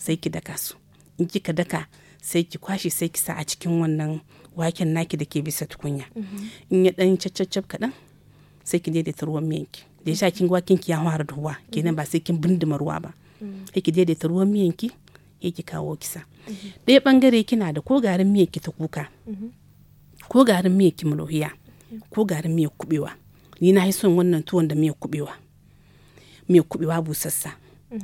sai ki daka su in kika daka sai ki kwashi sai ki sa a cikin wannan waken naki da ke bisa tukunya in ya dan caccacab kaɗan sai ki daidaita ruwan miyanki da ya kin ga kinki ya fara ruwa kenan ba sai kin bindima ruwa ba sai ki daidaita ruwan miyanki ya ki kawo kisa ɗaya bangare kina da ko garin miyanki ta kuka ko garin miyanki mulohiya ko garin miyan kubewa ni na son wannan tuwon da miyar kubewa miyan kubewa busassa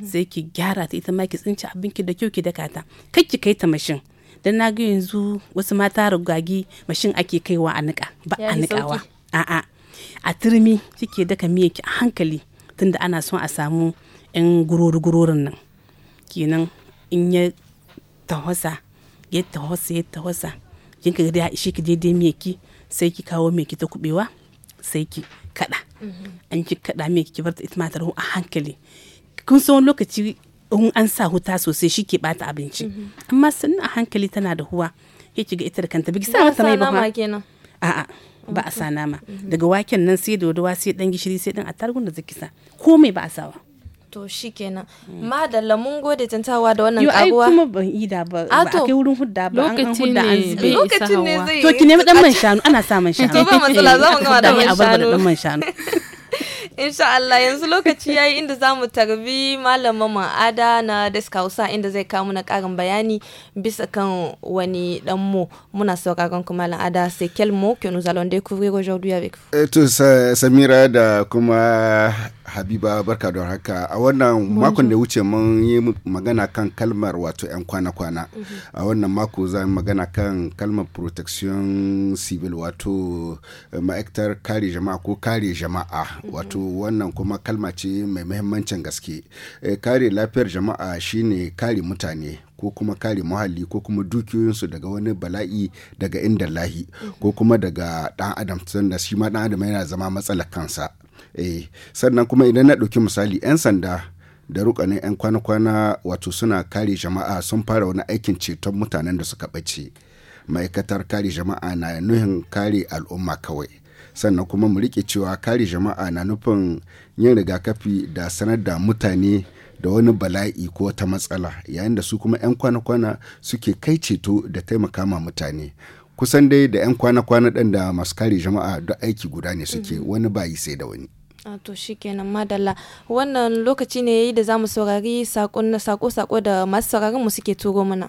sai ki gyara ta ita ma ki tsinci abinki da kyau ki daka ta kai ki kai ta mashin dan na ga yanzu wasu mata rugagi mashin ake kaiwa a niƙa ba a niƙawa a'a a turmi kike daka miya a hankali tunda ana son a samu yan gururu gurorin nan kenan in ya tahwasa ya tahwasa ya tahwasa kin ka da ishe ki daidai miya ki sai ki kawo miya ki ta kubewa sai ki kada an mm-hmm. ki kada miya ki bar ita matar ta a hankali kun san lokaci in an sa huta sosai shi ke bata abinci mm-hmm. amma sannan a hankali tana da huwa ya ga ita da kanta bigi sa mata mai ba a'a ba a sa nama daga waken nan sai dodowa sai dan gishiri sai dan attarugun da zaki sa komai ba a sawa to shikenan da lamun gode tantawa da wannan ai kuma ban yi da ba a kai wurin hudda ba an hudda an zube lokacin ne zai to ki nemi dan man shanu ana sa man shanu to ba matsala za mu gama da man shanu insha Allah yanzu lokaci yayi inda mu tarbi malamin ada na Desk Hausa inda zai kawo mana karin bayani bisa kan wani dan mu muna sauraron ku malam Ada c'est quel mot que nous allons découvrir aujourd'hui avec vous eh, Samira da kuma Habiba barka da haka a wannan makon da wuce mun yi magana kan kalmar wato yan kwana-kwana mhm. a wannan mako za mu magana kan kalmar protection civil wato ma'aikatar kare jama'a ko kare jama'a wato wannan kuma kalma ce mai muhimmancin gaske eh, kare lafiyar jama'a shine kare mutane ko kuma kare muhalli ko kuma dukiyoyinsu daga wani bala'i daga inda lahi ko kuma daga dan adam sanda shi ma dan adam yana zama matsalar kansa eh, sannan kuma idan na ɗauki misali 'yan sanda da rukanin 'yan kwana-kwana wato suna kare jama'a sun fara wani aikin ceton mutanen da suka ɓace ma'aikatar kare jama'a na nuhin kare al'umma kawai sannan kuma mu rike cewa kare jama'a na nufin yin rigakafi da sanar da mutane da wani bala'i ko ta matsala yayin da su kuma 'yan kwana-kwana suke kai ceto da taimaka ma mutane kusan dai da 'yan kwana-kwana ɗin da masu kare jama'a duk aiki guda ne suke mm-hmm. wani bayi sai da wani to kenan madalla wannan lokaci ne yayi da za mu saurari sako-sako da masu sauraron mu suke turo mana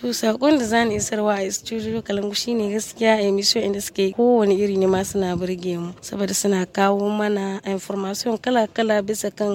To saƙon da zani isarwa a studio Kalangu shine gaskiya emission inda suke kowane iri ne ma suna burge mu saboda suna kawo mana information kala-kala bisa kan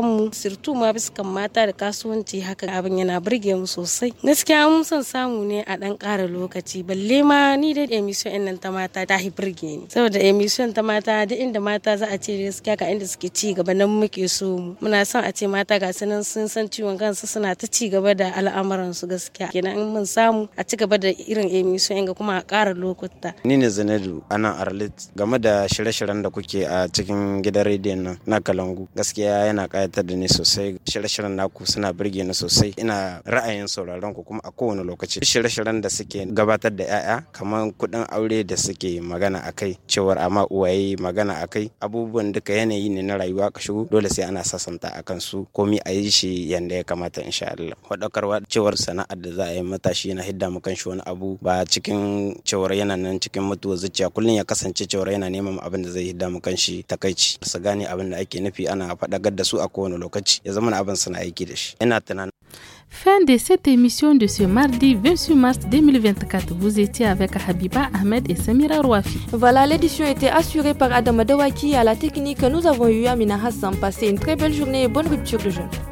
mu sirtu ma bisa kan mata da kasuwanci haka abin yana burge mu sosai. Gaskiya mun son samu ne a ɗan ƙara lokaci balle ma ni da emission ɗin nan ta mata ta hi burge ni saboda emission ta mata duk inda mata za a ce gaskiya ga inda suke ci gaba nan muke so mu muna son a ce mata ga sun san ciwon kansu suna ta ci gaba da al'amuransu gaskiya kenan domin mun samu a ci gaba da irin emission ga kuma a ƙara lokuta. Ni ne a nan Arlit game da shirye-shiryen da kuke a cikin gidan rediyon nan na Kalangu gaskiya yana ƙayatar da ni sosai shirye-shiryen naku suna birge ni sosai ina ra'ayin sauraron ku kuma a kowane lokaci shirye-shiryen da suke gabatar da 'ya'ya kamar kuɗin aure da suke magana a kai cewar amma uwaye magana a kai abubuwan duka yanayi ne na rayuwa ka dole sai ana sasanta akan su komi a yi shi yanda ya kamata insha Allah. Faɗakarwa cewar sana'ar da za a yi matashi yana hidda mu shi wani abu ba cikin cewar yana nan cikin mutuwa zuciya kullun ya kasance cewar yana neman abin da zai hidda mu shi takaici su gane abin da ake nufi ana faɗakar da su a kowane lokaci ya zama abin suna aiki da shi ina tunanin Fin de cette émission de ce mardi 28 mars 2024. Vous étiez avec Habiba Ahmed et Samira Rouafi. Voilà, l'édition était assurée par Adam Dawaki à la technique. Nous avons eu Amina Hassan. Passez une très belle journée et bonne rupture de jeûne.